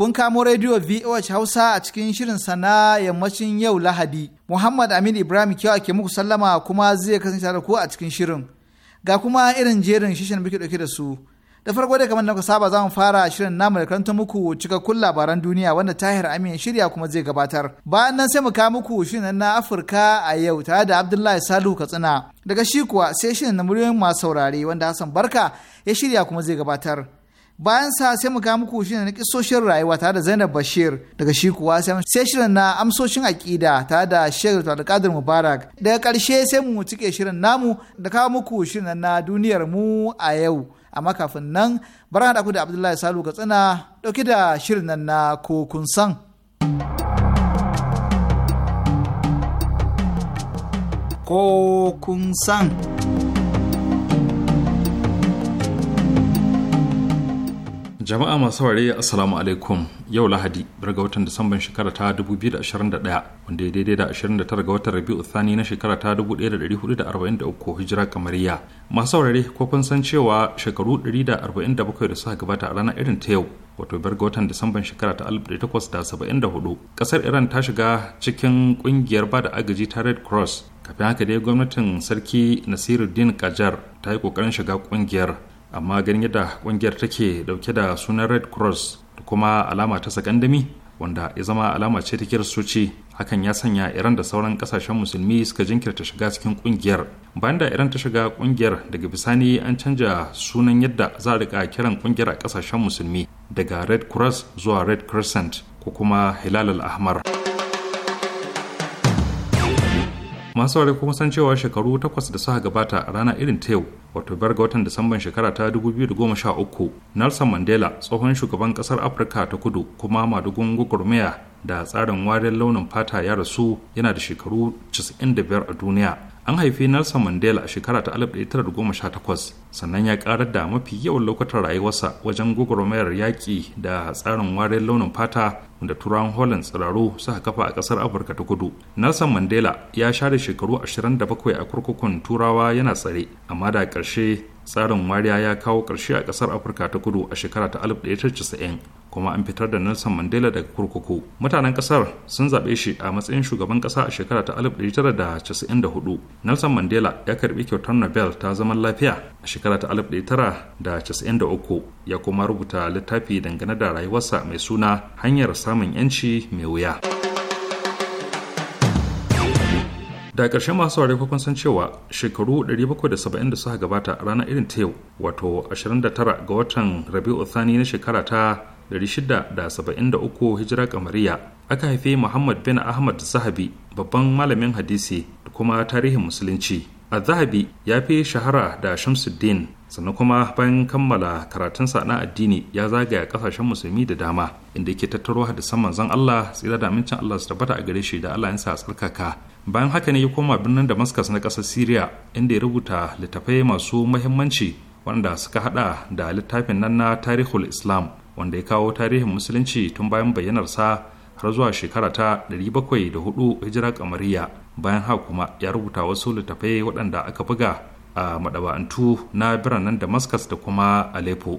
kun kamo rediyo VOH Hausa a cikin shirin sana yammacin yau Lahadi. Muhammad Amin Ibrahim kyau ake muku sallama kuma zai kasance da ku a cikin shirin. Ga kuma irin jerin shishin muke dauke da su. Da farko dai kamar na saba za mu fara shirin namu da karanta muku cikakkun labaran duniya wanda Tahir Amin shirya kuma zai gabatar. Bayan nan sai mu kawo muku shirin na Afirka a yau tare da Abdullahi Salihu Katsina. Daga shi kuwa sai shirin na muryoyin masu saurare wanda Hassan Barka ya shirya kuma zai gabatar. bayan sa sai mu ga muku shirin na kisoshin rayuwa tare da Zainab Bashir daga shi kuwa sai shirin na amsoshin aƙida tare da Sheikh Qadir Mubarak daga karshe sai mu cike shirin namu da kawo muku shirin na duniyar mu a yau amma kafin nan bara da ku da Abdullahi Salu Katsina dauke da shirin nan na kun san. kun san. jama'a masu ware assalamu alaikum yau lahadi daga watan disamban shekara ta 2021 wanda ya daidai da 29 ga watan rabi'u thani na shekara ta 1443 hijira kamariya masu ware ko kun san cewa shekaru 147 da suka gabata a ranar irin ta yau wato bar ga watan disamban shekara ta 1874 kasar iran ta shiga cikin kungiyar ba da agaji ta red cross kafin haka dai gwamnatin sarki nasiruddin kajar ta yi kokarin shiga kungiyar amma ganin yadda ƙungiyar take dauke da sunan red cross da kuma alama ta sakandami wanda ya zama alama ce ta kiristoci hakan ya sanya iran da sauran kasashen musulmi suka jinkirta shiga cikin kungiyar bayan da iran ta shiga kungiyar daga bisani an canja sunan yadda za a rika kiran kungiyar a kasashen musulmi daga red cross zuwa red crescent ko kuma hilal al-ahmar. masu ware kuma san cewa shekaru takwas da suka gabata a rana irin ta yau wato ga watan disamban shekara ta 2013 nelson mandela tsohon shugaban kasar afirka ta kudu kuma madugun gwagwarmaya da tsarin wariyar launin fata ya rasu yana da shekaru 95 a duniya an haifi nelson mandela a shekara ta 1918 sannan ya karar da mafi yawan lokutan rayuwarsa wajen gwagwarmayar yaƙi da tsarin wariyar launin fata da turawan holland tsiraru suka kafa a ƙasar afirka ta kudu nelson mandela ya share shekaru 27 a kurkukun turawa yana tsare amma da ƙarshe tsarin wariya ya kawo ƙarshe a ƙasar afirka ta kudu a shekara ta 1990 kuma an fitar da Nelson Mandela daga kurkuku. Mutanen kasar sun zaɓe shi a matsayin shugaban kasa a shekara ta 1994. Nelson Mandela ya karɓi kyautar Nobel ta zaman lafiya a shekara ta 1993 ya kuma rubuta littafi dangane da rayuwarsa mai suna hanyar samun 'yanci mai wuya. da ƙarshen masu ware kun san cewa shekaru 770 da suka gabata ranar irin ta yau wato 29 ga watan rabi'u thani na shekara ta 673 hijira kamariya aka haife muhammad bin ahmad zahabi babban malamin hadisi da kuma tarihin musulunci a zahabi ya fi shahara da shamsuddin sannan kuma bayan kammala karatunsa na addini ya zagaya kasashen musulmi da dama inda yake tattaro hadisan manzon Allah tsira da amincin Allah su tabbata a gare shi da Allah yansa a tsarkaka bayan haka ne ya koma birnin Damascus na ƙasar Syria inda ya rubuta littafai masu muhimmanci wanda suka hada da littafin nan na Tarihul Islam wanda ya kawo tarihin musulunci tun bayan bayyanarsa har zuwa shekara ta 704 hijira kamariya bayan haka kuma ya rubuta wasu littafai waɗanda aka buga a madaba'antu na biranen damascus da kuma aleppo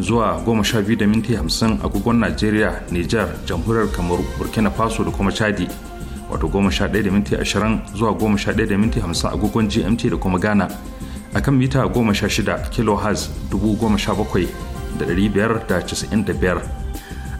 zuwa biyu da minti agogon Najeriya, Nijar, Jamhuriyar Kamaru, Burkina Faso da kuma Chadi. Wato ɗaya da minti zuwa 11.50 da minti agogon GMT da kuma Ghana. A kan mita 16 kHz 17,595.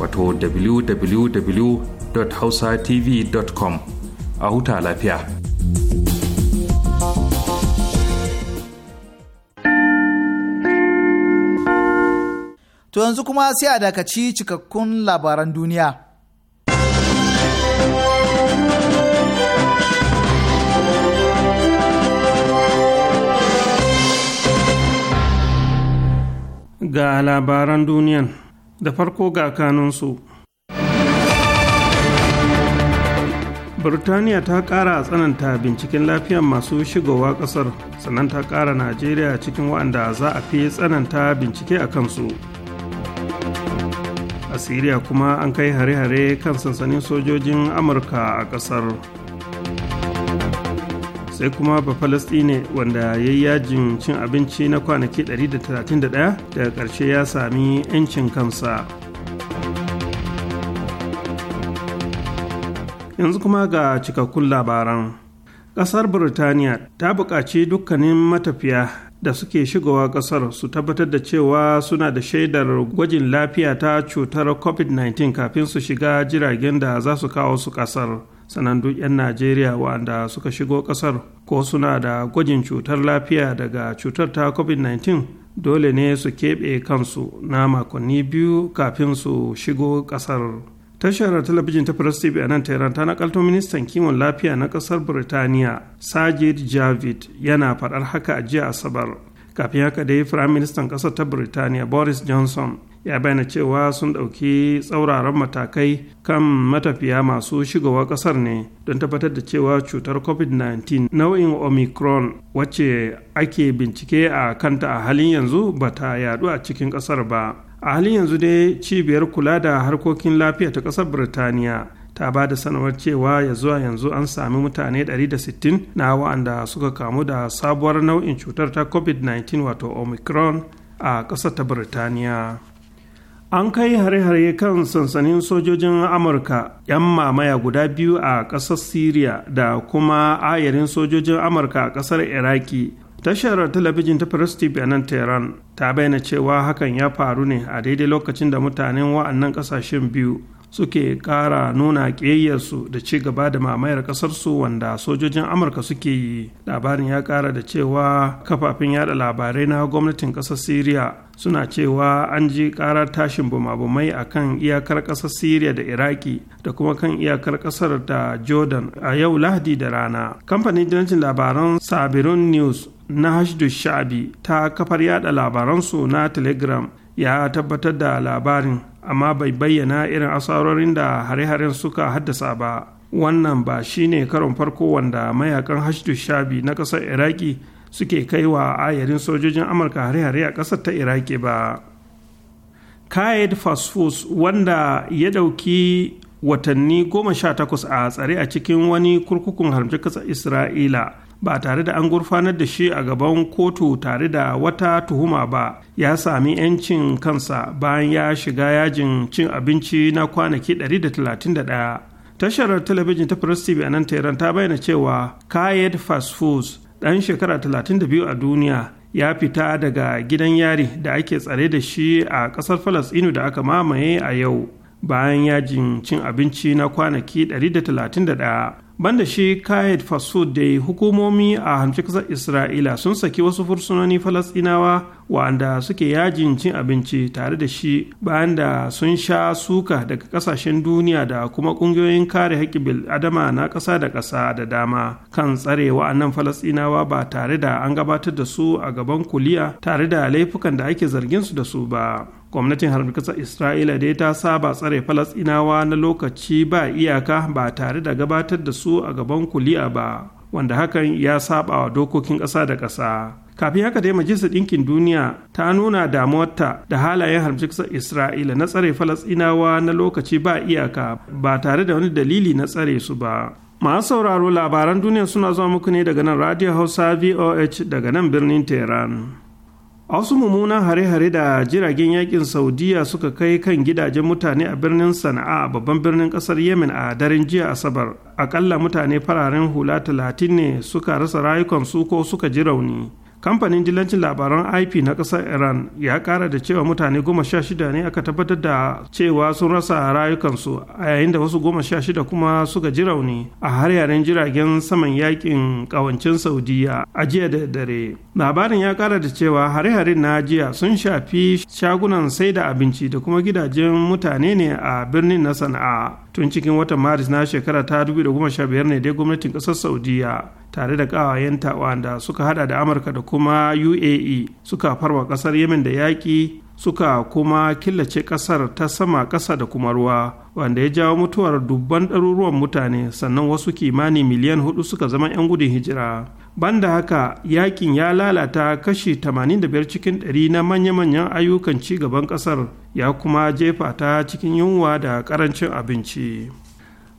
wato www.hausatv.com a huta lafiya. To yanzu kuma sai a dakaci cikakkun labaran duniya. Ga labaran duniyan da farko ga kanunsu burtaniya ta kara tsananta binciken lafiyar masu shigowa ƙasar, sannan ta ƙara najeriya cikin waɗanda za a fi tsananta bincike a kansu a siriya kuma an kai hare-hare kan sansanin sojojin amurka a ƙasar. sai kuma bafalastine wanda ya yi yajin cin abinci na kwanaki 131 daga ƙarshe ya sami 'yancin kansa yanzu kuma ga cikakkun labaran ƙasar burtaniya ta buƙaci dukkanin matafiya da suke shigowa ƙasar su tabbatar da cewa suna da shaidar gwajin lafiya ta cutar covid-19 kafin su shiga jiragen da za su kawo su ƙasar. sanandu duk 'yan najeriya waɗanda suka shigo ƙasar ko suna da gwajin cutar lafiya daga cutar ta covid-19 dole ne su keɓe kansu na makonni biyu kafin su shigo ƙasar tashar talabijin ta press tv a nan tehran ta nakalto ministan kiwon lafiya na ƙasar birtaniya sajid javid yana faɗar haka a jiya asabar kafin haka dai firayim ministan ƙasar ta birtaniya boris johnson ya bayyana cewa sun ɗauki tsauraran matakai kan matafiya masu shigowa ƙasar ne don tabbatar da cewa cutar covid-19 nau'in omicron wacce ake bincike a kanta a halin yanzu ba ta yadu a cikin ƙasar ba a halin yanzu dai cibiyar kula da harkokin lafiya ta ƙasar birtaniya ta ba da sanarwar cewa ya zuwa yanzu an sami mutane 160 na wa'anda suka kamu da sabuwar nau'in cutar ta covid-19 wato omicron a ƙasar ta birtaniya an kai hare-hare kan sansanin sojojin amurka 'yan mamaya guda biyu a ƙasar siriya da kuma ayarin sojojin amurka a ƙasar iraki tashar talabijin ta Press TV a nan Tehran ta bayyana cewa hakan ya faru ne a daidai lokacin da mutanen wa'annan ƙasashen biyu suke ƙara nuna ƙiyayyarsu da ci gaba da mamayar ƙasarsu wanda sojojin amurka suke yi labarin ya ƙara da cewa kafafen yada labarai na gwamnatin ƙasar syria suna cewa an ji ƙarar tashin bumabumai a kan iyakar ƙasar syria da iraki da kuma kan iyakar ƙasar da jordan a yau lahadi da rana kamfanin jinancin labaran sabirun news na sha'abi ta kafar yada labaransu na telegram ya tabbatar da labarin amma bai bayyana irin asarorin da hare-haren suka haddasa ba wannan ba shine karon farko wanda mayakan hashdu shabi na ƙasar iraki suke kaiwa wa ayarin sojojin amurka hare-hare a ƙasar ta iraki ba kayed fasfos wanda ya ɗauki watanni goma sha takwas a tsare a cikin wani kurkukun harbi ƙasar isra'ila ba tare da an gurfanar da shi a gaban kotu tare da wata tuhuma ba ya sami 'yancin kansa bayan ya shiga yajin cin abinci na kwanaki 131 tashar talabijin ta press tv a nan tehran ta bayyana cewa kayed fast foods ɗan shekara 32 a duniya ya fita daga gidan yari da ake tsare da shi a ƙasar inu da aka mamaye a yau bayan yajin cin abinci na kwanaki 131 banda shi kayed fasud da hukumomi a hanci kasar isra'ila sun saki wasu fursunoni falasɗinawa wa'anda suke yajin cin abinci tare da shi bayan da sun sha suka daga kasashen duniya da kuma ƙungiyoyin kare bil adama na ƙasa da ƙasa da dama kan tsare wa'annan falasɗinawa ba tare da an gabatar da su a gaban kuliya tare da laifukan da ake zargin su da su ba gwamnatin harbin isra'ila dai ta saba tsare Falasinawa na lokaci ba iyaka ba tare da gabatar da su a gaban kuli'a ba wanda hakan ya saba wa dokokin ƙasa da ƙasa kafin haka dai majalisar ɗinkin duniya ta nuna damuwarta da halayen harjiksa isra'ila na tsare Falasinawa na lokaci ba iyaka ba tare da wani dalili na tsare su ba masu sauraro labaran duniya suna zuwa muku ne daga nan radio hausa voh daga nan birnin tehran a wasu mummunan hare-hare da jiragen yakin saudiya suka kai kan gidajen mutane a birnin sana'a a babban birnin kasar yemen a daren jiya asabar akalla mutane fararen hula talatin ne suka rasa rayukansu ko suka ji rauni kamfanin dillancin labaran ip na ƙasar iran ya ƙara da cewa mutane goma sha shida ne aka tabbatar da cewa sun rasa rayukansu a yayin da wasu goma sha shida kuma suka ji rauni a har yaren jiragen saman yakin ƙawancin saudiya a jiya da dare labarin ya ƙara da cewa hare-hare na jiya sun shafi shagunan sai da abinci da kuma gidajen mutane ne a birnin na sana'a tun cikin watan maris na shekara ta 2015 ne dai gwamnatin kasar saudiya tare da kawayenta wanda suka hada da amurka da kuma uae suka farwa kasar yemen da yaƙi suka kuma killace kasar ta sama ƙasa da kuma ruwa wanda ya jawo mutuwar dubban ɗaruruwan mutane sannan wasu kimanin miliyan hudu suka zama 'yan gudun hijira banda haka yakin ya lalata kashi 85 cikin 100 na manya-manyan ayyukan ci gaban kasar ya kuma jefa ta cikin yunwa da karancin abinci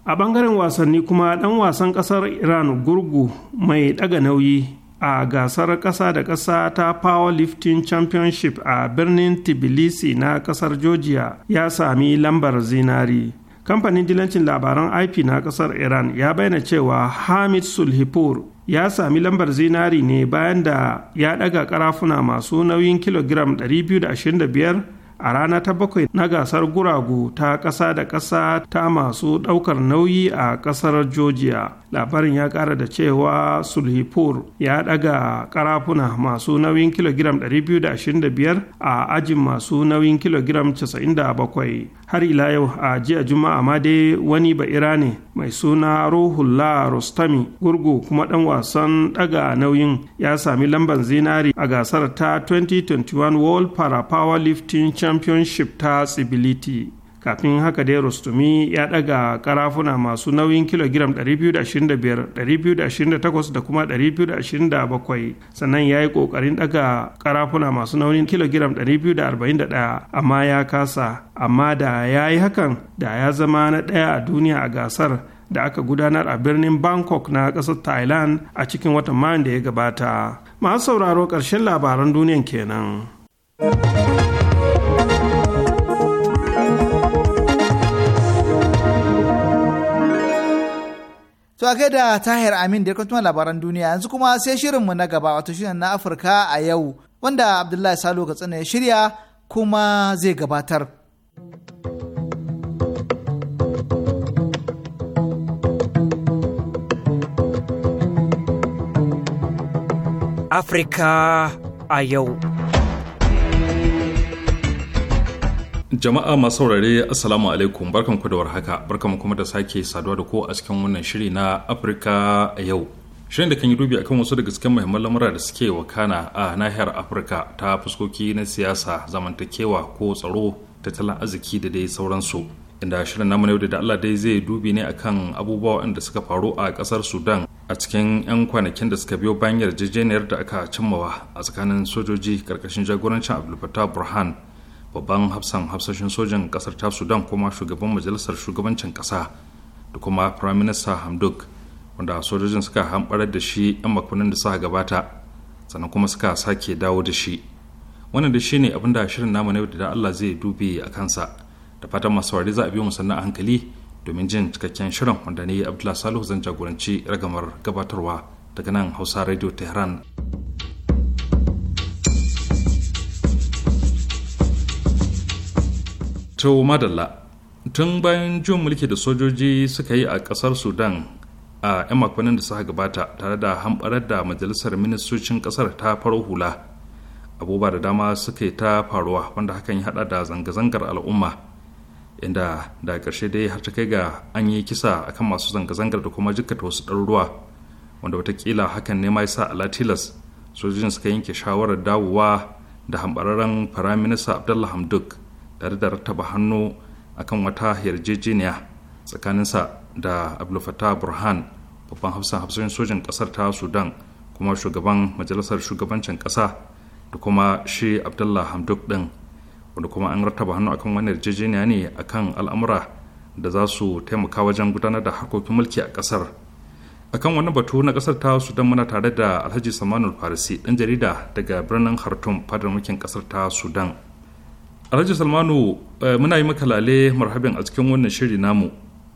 a bangaren wasanni kuma dan wasan kasar iran gurgu mai daga nauyi a gasar kasa da kasa ta powerlifting championship a birnin tbilisi na kasar georgia ya sami lambar zinari kamfanin dilancin labaran ip na kasar iran ya bayyana cewa hamid sulhipur ya sami lambar zinari ne bayan da ya daga karafuna masu nauyin kilogiram 225 a rana ta bakwai na gasar guragu ta kasa da kasa ta masu daukar nauyi a kasar georgia labarin ya kara da cewa sulhipur ya daga karafuna masu nauyin kilogiram 225 a ajin masu nauyin kilogiram 97 har ila yau a jiya juma'a ma dai wani ba'ira ne mai suna ruhullah rostami gurgu kuma dan wasan daga nauyin ya sami lamban zinari a gasar ta 2021 world para power powerlifting championship ta tsibiliti kafin haka dai rostumi ya daga karafuna masu nauyin kilogiram 225 228 da kuma 227 sannan ya yi kokarin daga karafuna masu nauyin kilogiram 241 amma ya kasa amma da ya yi hakan da ya zama na daya a duniya a gasar da aka gudanar a birnin bangkok na kasar thailand a cikin watan mayan da ya gabata masu sauraro karshen labaran duniyan kenan. To a da Tahir Amin da kuma labaran duniya yanzu kuma sai shirin mu na gaba wato shirin na Afirka a yau wanda Abdullahi Salo Katsina ya shirya kuma zai gabatar. Afirka a yau. jama'a masu saurare assalamu alaikum barkan ku da warhaka barkan kuma da sake saduwa da ko a cikin wannan shiri na afirka a yau shirin da kan yi dubi akan wasu daga cikin muhimman lamura da suke wakana a nahiyar afirka ta fuskoki na siyasa zamantakewa ko tsaro tattalin arziki da dai sauransu inda shirin namu yau da Allah dai zai dubi ne akan abubuwa wanda suka faru a kasar Sudan a cikin 'yan kwanakin da suka biyo bayan yarjejeniyar da aka cimmawa a tsakanin sojoji karkashin jagorancin Abdulfatah Burhan babban hafsan hafsashin sojan kasar ta sudan kuma shugaban majalisar shugabancin kasa da kuma prime minister hamdok wanda sojojin suka hamɓarar da shi 'yan makonin da suka gabata sannan kuma suka sake dawo da shi wannan da shi ne abin da shirin namu na da allah zai dube a kansa da fatan masu wari za a biyo musanna a hankali domin jin cikakken shirin wanda ne abdullahi salihu zan jagoranci ragamar gabatarwa daga nan hausa radio tehran to madalla tun bayan jin mulki da sojoji suka yi a kasar sudan a 'yan makonnin da suka gabata tare da hamɓarar da majalisar ministocin kasar ta faro hula abubuwa da dama suka yi ta faruwa wanda hakan ya hada da zanga-zangar al'umma inda da ƙarshe dai har ta kai ga an yi kisa akan masu zanga-zangar da kuma jikkata wasu ɗaruruwa wanda watakila hakan ne ma ya sa alatilas sojojin suka yanke shawarar dawowa da hambararren firaminista abdullah hamduk tare da rattaba hannu akan wata yarjejeniya tsakaninsa da abdulfatah burhan babban hafsan hafsoshin sojin kasar ta sudan kuma shugaban majalisar shugabancin kasa da kuma shi abdullah hamduk din wanda kuma an rattaba hannu akan wani yarjejeniya ne akan al'amura da za su taimaka wajen gudanar da harkokin mulki a kasar akan wani batu na kasar ta sudan muna tare da alhaji samanul farisi ɗan jarida daga birnin hartum fadar mulkin kasar ta sudan alhaji salmanu eh, muna yi maka lale marhabin a cikin wannan shiri namu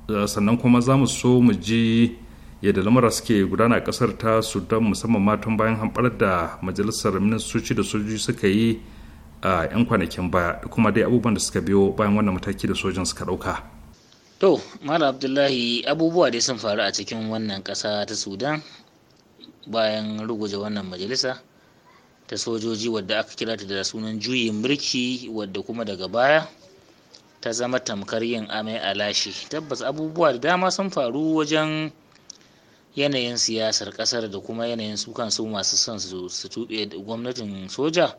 eh, sannan kuma za mu so mu ji yadda lamura suke gudana a kasar ta sudan musamman matan bayan hamɓar da majalisar ministoci da sojoji suka yi a 'yan kwanakin baya da kuma dai abubuwan da suka biyo bayan wannan mataki da sojin suka ɗauka to mara abdullahi abubuwa dai sun faru a cikin wannan ƙasa ta sudan bayan ruguje wannan majalisa ta sojoji wadda aka kira ta da sunan juyin mulki wadda kuma daga baya ta zama tamkar yin amai a lashe tabbas abubuwa da dama sun faru wajen yanayin siyasar kasar da kuma yanayin su kansu masu son su tuɓe gwamnatin soja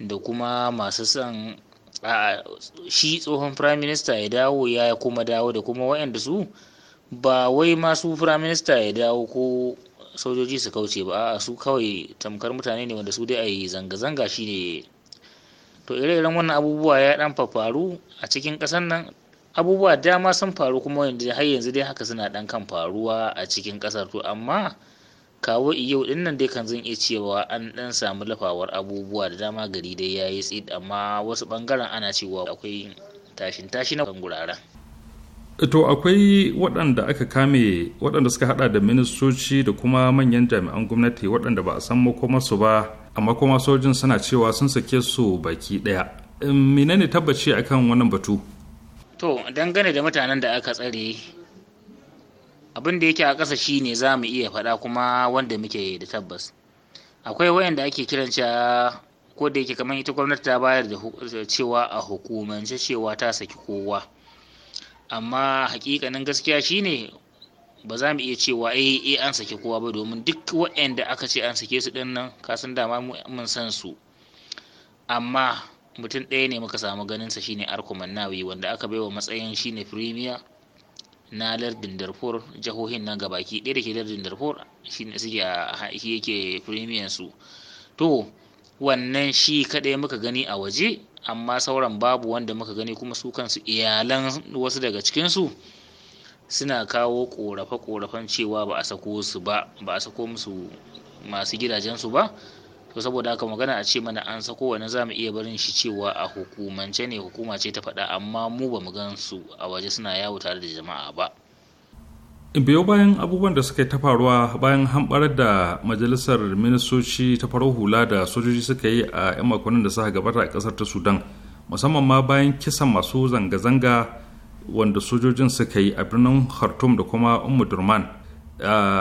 da kuma masu son a shi tsohon prime minister ya dawo ya kuma dawo da kuma wayanda su ba wai masu prime minister ya dawo ko sojoji su kauce ba a su kawai tamkar mutane ne wanda su dai a yi zanga-zanga ne. to ire-iren wannan abubuwa ya dan faru a cikin ƙasar nan abubuwa dama sun faru kuma wanda har yanzu dai haka suna dan kan faruwa a cikin ƙasar to amma kawo yau din nan dai kan zan iya cewa an dan samu lafawar abubuwa da dama gari dai yayi tsid amma wasu bangaren ana cewa akwai tashin tashi na gurara. to akwai waɗanda aka kame waɗanda suka hada da ministoci da kuma manyan jami'an gwamnati waɗanda ba a san makomarsu ba amma kuma sojin suna cewa sun sake su baki ɗaya menene tabbaci akan wannan batu to dangane da mutanen da aka tsare abin da yake a ƙasa shi ne za mu iya faɗa kuma wanda muke da tabbas akwai wayanda ake kiran cewa ko da yake kamar ita gwamnati ta bayar da cewa a hukumance cewa ta saki kowa amma hakikanin gaskiya shine ba za mu iya cewa eh eh an sake kowa ba domin duk waɗanda aka ce an sake su ɗin nan kasan dama mun san su amma mutum ɗaya ne muka samu ganin ganinsa shine arkuman nawi wanda aka bai wa matsayin shine firimiya na lardin darfur jihohin nan gabaki ɗaya da ke lardin darfur shine suke yake firimiyan su to wannan shi kaɗai muka gani a waje amma sauran babu wanda muka gani kuma su kansu iyalan wasu daga cikinsu suna kawo korafe-korafen cewa ba a sako su ba ba a sako musu masu gidajensu ba to saboda haka magana a ce mana an sako wani za mu iya barin shi cewa a hukumance ne hukuma ce ta faɗa amma mu ba mu gan su a waje suna yawo tare da jama'a ba biyo bayan abubuwan da suka yi ta faruwa bayan hamɓarar da majalisar ministoci ta farar hula da sojoji suka yi a 'yan makonnin da suka gabata a ƙasar ta sudan musamman ma bayan kisan masu zanga-zanga wanda sojojin suka yi a birnin khartoum da kuma ummu durman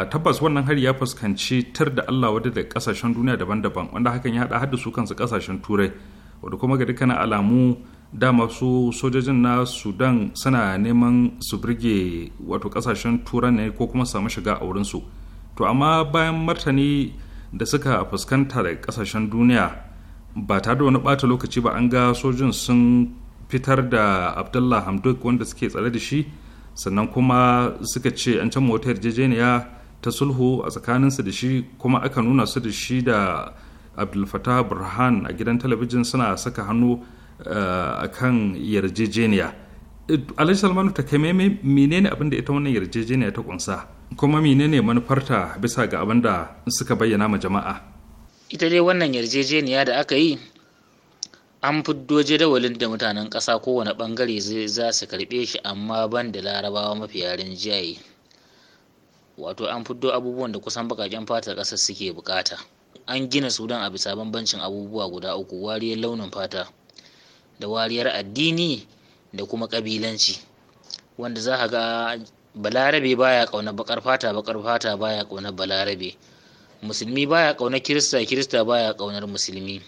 tabbas wannan hari ya fuskanci tar da allah wadda da kasashen duniya daban-daban wanda hakan ya haɗa hadda su kansu kasashen turai wadda kuma ga dukkanin alamu da masu sojojin na sudan suna neman su birge wato kasashen turan ne ko kuma samu shiga a wurinsu to amma bayan martani da suka fuskanta da kasashen duniya ba tare da wani bata lokaci ba an ga sojin sun fitar da abdullah hamdok wanda suke tsare da shi sannan kuma suka ce an can wata yarjejeniya ta sulhu a tsakaninsu da shi kuma aka nuna su da shi da abdulfatah burhan a gidan talabijin suna saka hannu Eh, a kan yarjejeniya eh, alhaji salmanu ta mai menene abin da ita wannan yarjejeniya ta kunsa kuma menene manufarta bisa ga abin da suka bayyana ma jama'a ita dai wannan yarjejeniya da aka yi an fiddo jadawalin da mutanen ƙasa kowane ɓangare za su karɓe shi amma ban da larabawa mafi yaren jiyaye wato an fiddo abubuwan da kusan bakaken fatar ƙasar suke bukata an gina sudan a bisa bambancin abubuwa guda uku wariyar launin fata da wariyar addini da kuma ƙabilanci wanda za ka ga balarabe baya ƙauna baƙar fata baƙar fata baya ƙauna balarabe musulmi baya ƙauna kirista kirista baya ƙaunar musulmi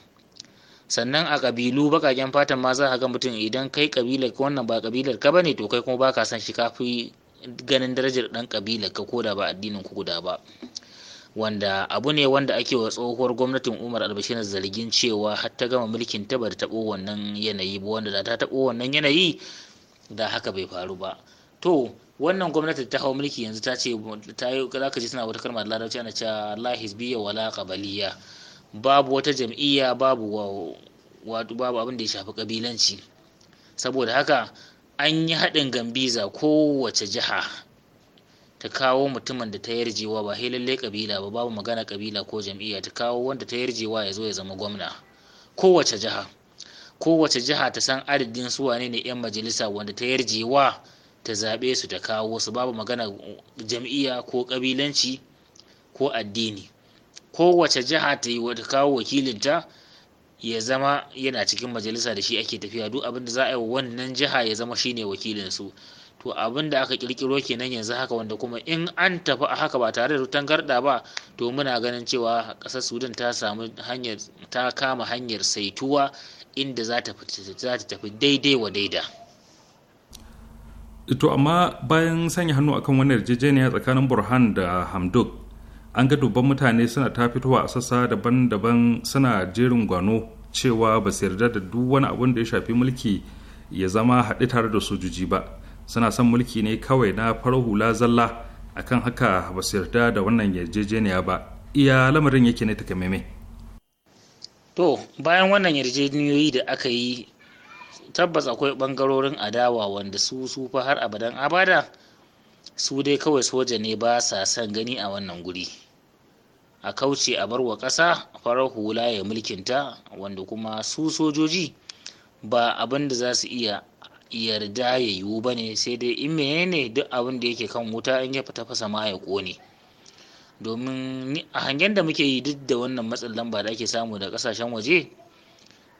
sannan a ƙabilu baƙaƙen fatan ma za ka ga mutum idan kai ƙabilar ka wannan ba ƙabilar ka bane to kai kuma baka san shi kafi ganin darajar ɗan ƙabilar ka ko da ba addinin ku guda ba wanda abu ne wanda ake wa tsohuwar gwamnatin umar albashir zargin cewa har gama mulkin ta bari taɓo wannan yanayi ba wanda da ta taɓo wannan yanayi da haka bai faru ba to wannan gwamnati ta hau mulki yanzu ta ce ta yi za ka suna wata kalmar larabci ana cewa la hisbiya wala qabaliya babu wata jam'iyya babu wato babu abin da ya shafi kabilanci saboda haka an yi haɗin gambiza kowace jiha ta kawo mutumin da ta yarjewa ba sai lalle kabila ba babu magana kabila ko jam'iyya ta kawo wanda ta yarjewa ya zo ya zama gwamna kowace jiha kowace jiha ta san adadin su wane ne yan majalisa wanda ta yarjewa ta zabe su ta kawo su babu magana jam'iyya ko kabilanci ko addini kowace jiha ta yi wata kawo wakilinta ya zama yana cikin majalisa da shi ake tafiya duk abin da za a yi wa wannan jiha ya zama shine wakilin su to abin da aka kirkiro kenan yanzu haka wanda kuma in an tafi a haka ba tare da garda ba to muna ganin cewa ƙasar sudan ta samu hanyar ta kama hanyar saituwa inda za ta tafi daidai wa daida to amma bayan sanya hannu akan wani yarjejeniya tsakanin burhan da hamdok an ga dubban mutane suna ta fitowa a sassa daban-daban suna jerin gwano cewa ba su yarda da duk wani abun da ya shafi mulki ya zama haɗe tare da sojoji ba suna son mulki ne kawai na farar hula zalla akan haka ba su yarda da wannan yarjejeniya ba iya lamarin yake ne takamaimai to bayan wannan yarjejeniyoyi da aka yi tabbas akwai bangarorin adawa wanda su su fa har abadan abada su dai kawai soja ne ba sa san gani a wannan guri a kauce a barwa ƙasa farar hula ya mulkinta wanda kuma su sojoji ba abin da za su iya yarda ya yiwu ba ne sai dai in menene duk abin da yake kan wuta in ya fita fasa ma ya kone domin a hangen da muke yi duk da wannan matsin lamba da ake samu da kasashen waje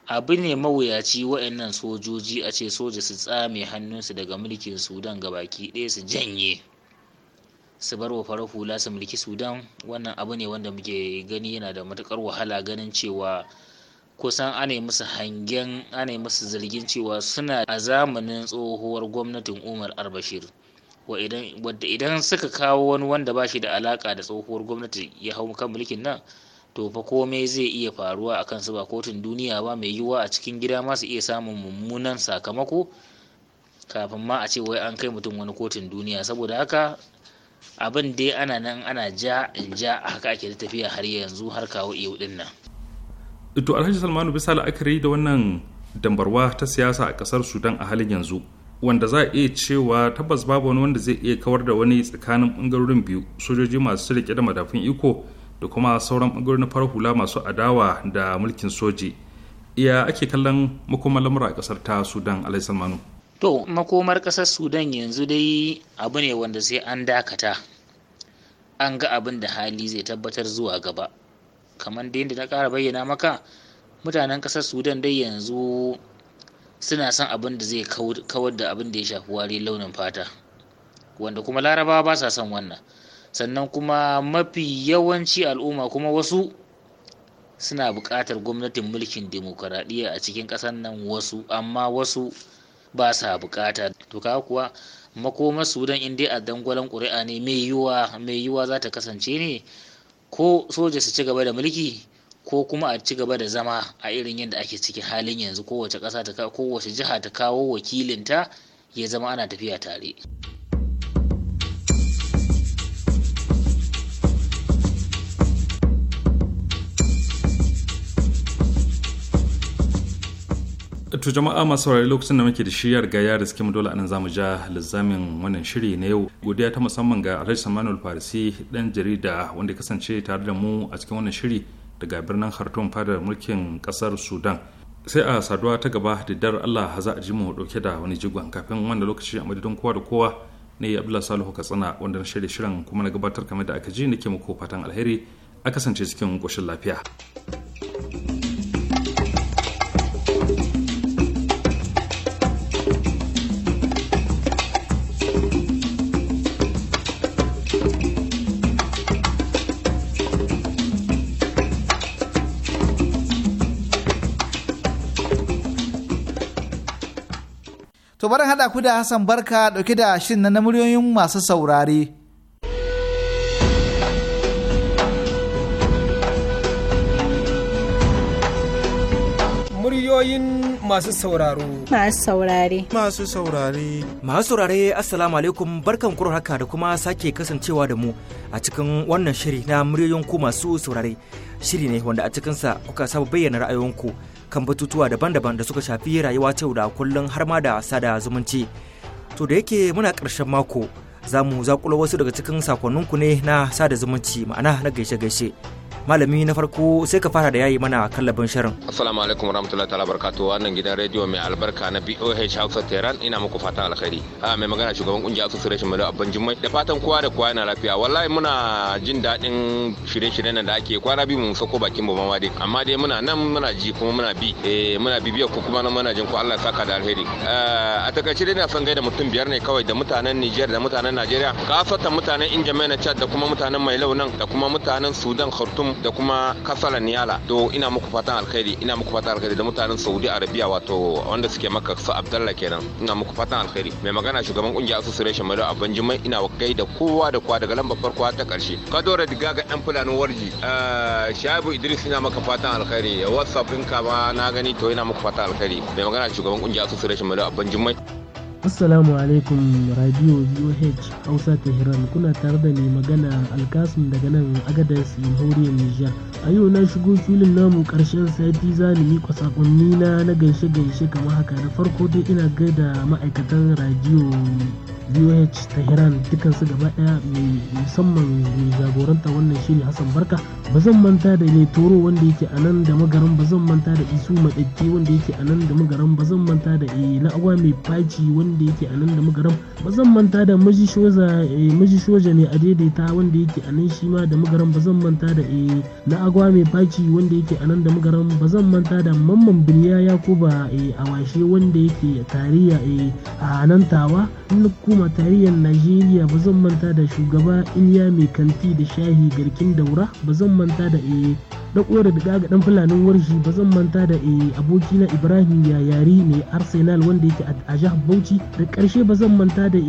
abu ne mawuyaci wa'annan sojoji a ce soja su tsame hannunsu daga mulkin sudan ga baki ɗaya su janye su bar wa fara hula su mulki sudan wannan abu ne wanda muke gani yana da matukar wahala ganin cewa kusan ana musu hangen ana musu zargin cewa suna a zamanin tsohuwar gwamnatin umar albashir wadda idan suka kawo wani wanda ba shi da alaka da tsohuwar gwamnati ya hau kan mulkin nan to fa komai zai iya faruwa a kansu ba kotun duniya ba mai yiwuwa a cikin gida masu iya samun mummunan sakamako kafin ma a ce wai an kai mutum wani kotun duniya saboda haka abin dai ana nan ana ja in ja haka ake tafiya har yanzu har kawo iyo din nan to alhaji salmanu bisa la'akari da wannan dambarwa ta siyasa a kasar sudan a halin yanzu wanda za a iya cewa tabbas babu wani wanda zai iya kawar da wani tsakanin bangarorin biyu sojoji masu rike da madafin iko da kuma sauran bangarorin farar hula masu adawa da mulkin soji iya ake kallon makomar lamura a kasar ta sudan alhaji salmanu to makomar kasar sudan yanzu dai abu ne wanda sai an dakata an ga abin da hali zai tabbatar zuwa gaba kamar da na ƙara bayyana maka mutanen ƙasar sudan dai yanzu suna son abin da zai kawar da abin da ya shafi wari launin fata wanda kuma larabawa ba sa son wannan sannan kuma mafi yawanci al'umma kuma wasu suna buƙatar gwamnatin mulkin demokuraɗiyya a cikin ƙasar nan wasu amma wasu ba sa buƙata to kawo kuwa makomar sudan in dai a dangwalon ƙuri'a ne mai yiwuwa mai yiwuwa za ta kasance ne ko soja su ci gaba da mulki ko kuma a ci gaba da zama a irin yadda ake cikin halin yanzu kowace ta kowace jiha ta kawo wakilinta ya zama ana tafiya tare. to jama'a masu saurari lokacin da muke da shiryar ga ya suke mu dole anan zamu ja lizamin wannan shiri na yau godiya ta musamman ga Alhaji Samanul Farisi dan jarida wanda kasance tare da mu a cikin wannan shiri daga birnin Khartoum fadar mulkin kasar Sudan sai a saduwa ta gaba da dar Allah za a ji mu dauke da wani jigon kafin wannan lokaci a madadin kowa da kowa ne Abdullahi Salihu Katsina wanda na shirye shirin kuma na gabatar kamar da aka ji nake muku fatan alheri a kasance cikin koshin lafiya. To bari haɗa ku da Hassan Barka ɗauke da shirin na muryoyin masu saurare. Muryoyin masu sauraro. Masu saurare. Masu saurare. Masu saurare Assalamu alaikum barkan kuro haka da kuma sake kasancewa da mu a cikin wannan shiri na muryoyin ku masu saurare. Shiri ne wanda a cikinsa kuka saba bayyana ra'ayoyinku. ku. kan batutuwa daban-daban da suka shafi rayuwa ta da kullum har ma da sada zumunci. To da yake muna ƙarshen mako za mu zakulo wasu daga cikin sakonninku ne na sada zumunci ma'ana na gaishe-gaishe. malami na farko sai ka fara da yayi mana kallabin shirin assalamu alaikum warahmatullahi ta'ala barakatu wannan gidan rediyo mai albarka na BOH Hausa Tehran ina muku fatan alkhairi a ah, mai magana shugaban kungiyar association Malu Abban jimmai da fatan kowa da kowa yana lafiya wallahi muna jin daɗin shirye-shiryen nan da ake kwana biyu mun sako bakin mu ma dai amma dai muna nan muna ji kuma muna bi eh muna bibiyar ku kuma muna jin ku Allah saka da alheri ah, a takaice dai na san gaida mutum biyar ne kawai da mutanen Niger da mutanen Najeriya fata mutanen Injamena Chad da kuma mutanen Mailau nan da kuma mutanen Sudan Khartoum da kuma kasala niyala to ina muku fatan alkhairi ina muku fatan alkhairi da mutanen saudi arabia wato wanda suke maka su abdallah kenan ina muku fatan alkhairi mai magana shugaban kungiyar association mai abban jimai ina wakai da kowa da kowa daga lambar farko ta karshe kadora diga ga yan fulanin warji ah, shabu idris ina maka fatan alkhairi whatsapp ɗinka ma na gani to ina muku fatan alkhairi mai magana shugaban kungiyar association mai abban jimai Assalamu alaikum Radio VOH Hausa Tehran kuna tare da mai magana alkasun daga nan Agadez Jamhuriyar Nijar. A yau na shigo filin namu karshen sati za mu yi sakonni na na gaishe gaishe kamar haka da farko dai ina gaida ma'aikatan Radio voh tehran dukansu gaba daya mai musamman mai jagoranta wannan ne hassan barka ba zan manta da toro wanda yake a nan da magaran ba zan manta da isu madakki wanda yake a nan da magaran ba zan manta da na agwa mai faci wanda yake a nan da magaran ba zan manta da maji eh, shoja ne a daidaita wanda yake a nan shi ma da magaran ba zan manta da eh, na agwa mai faci wanda yake a nan da magaran ba zan manta da mamman biniya yakuba eh, a washe wanda yake tariya a nan tawa hukumar tarayyar najeriya ba zan manta da shugaba iliya mai kanti da shahi garkin daura ba zan manta da eh da kore da gaga dan fulanin warshi ba zan manta da eh, aboki na ibrahim yari mai arsenal wanda yake a jihar bauchi da karshe ba zan manta da eh,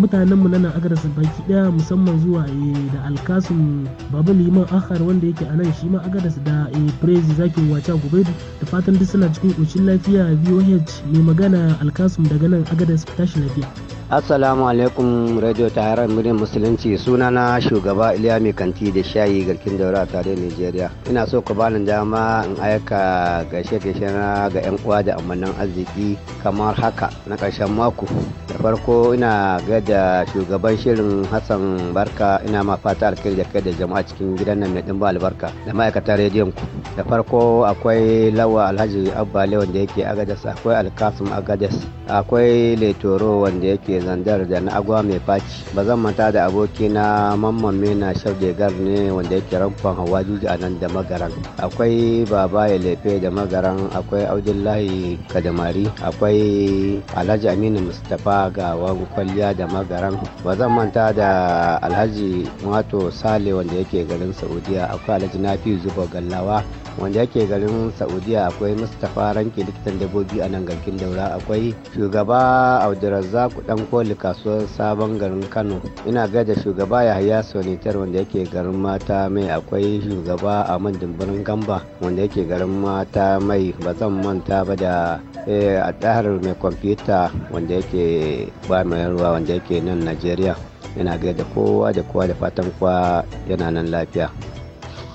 mutanenmu na nan agarsa baki daya musamman zuwa eh da alkasum babu liman akhar wanda yake a nan shi ma agadas da eh prezi zakin wacha gobe da fatan duk suna cikin kocin lafiya voh mai magana alkasum daga nan agadas tashi lafiya assalamu alaikum radio Tare muryar musulunci suna na shugaba iliya mai kanti da shayi garkin daura tare nigeria ina so ku bani dama in aika gaishe gaishe na ga yan uwa da amannan arziki kamar haka na karshen mako da farko ina gaida shugaban shirin hassan barka ina ma fata da kai da jama'a cikin gidan nan mai dimba albarka da ma'aikatan rediyon ku da farko akwai lawa alhaji abba lewan da yake agadas akwai alkasum agadas akwai letoro wanda yake zandar da na agwa mai faci ba zan manta da aboki na mamman mena shaudegar ne wanda yake rankon hawa juji a nan da magaran akwai baba ya lefe da magaran akwai abdullahi kadamari akwai alhaji aminu mustapha ga kwalliya da magaran ba zan manta da alhaji wato sale wanda yake garin saudiya akwai alhaji nafi zuba gallawa wanda yake garin saudiya akwai mustapha ranke likitan dabbobi a nan garkin daura akwai shugaba abdulrazak dan koli kasuwar sabon garin kano ina gaida shugaba yahaya sonitar wanda yake garin mata mai akwai shugaba a man dimbirin gamba wanda yake garin mata mai ba zan manta ba da eh, a mai kwamfuta wanda yake ba mai ruwa wanda yake nan najeriya yana gaida kowa da kowa da fatan kowa yana nan lafiya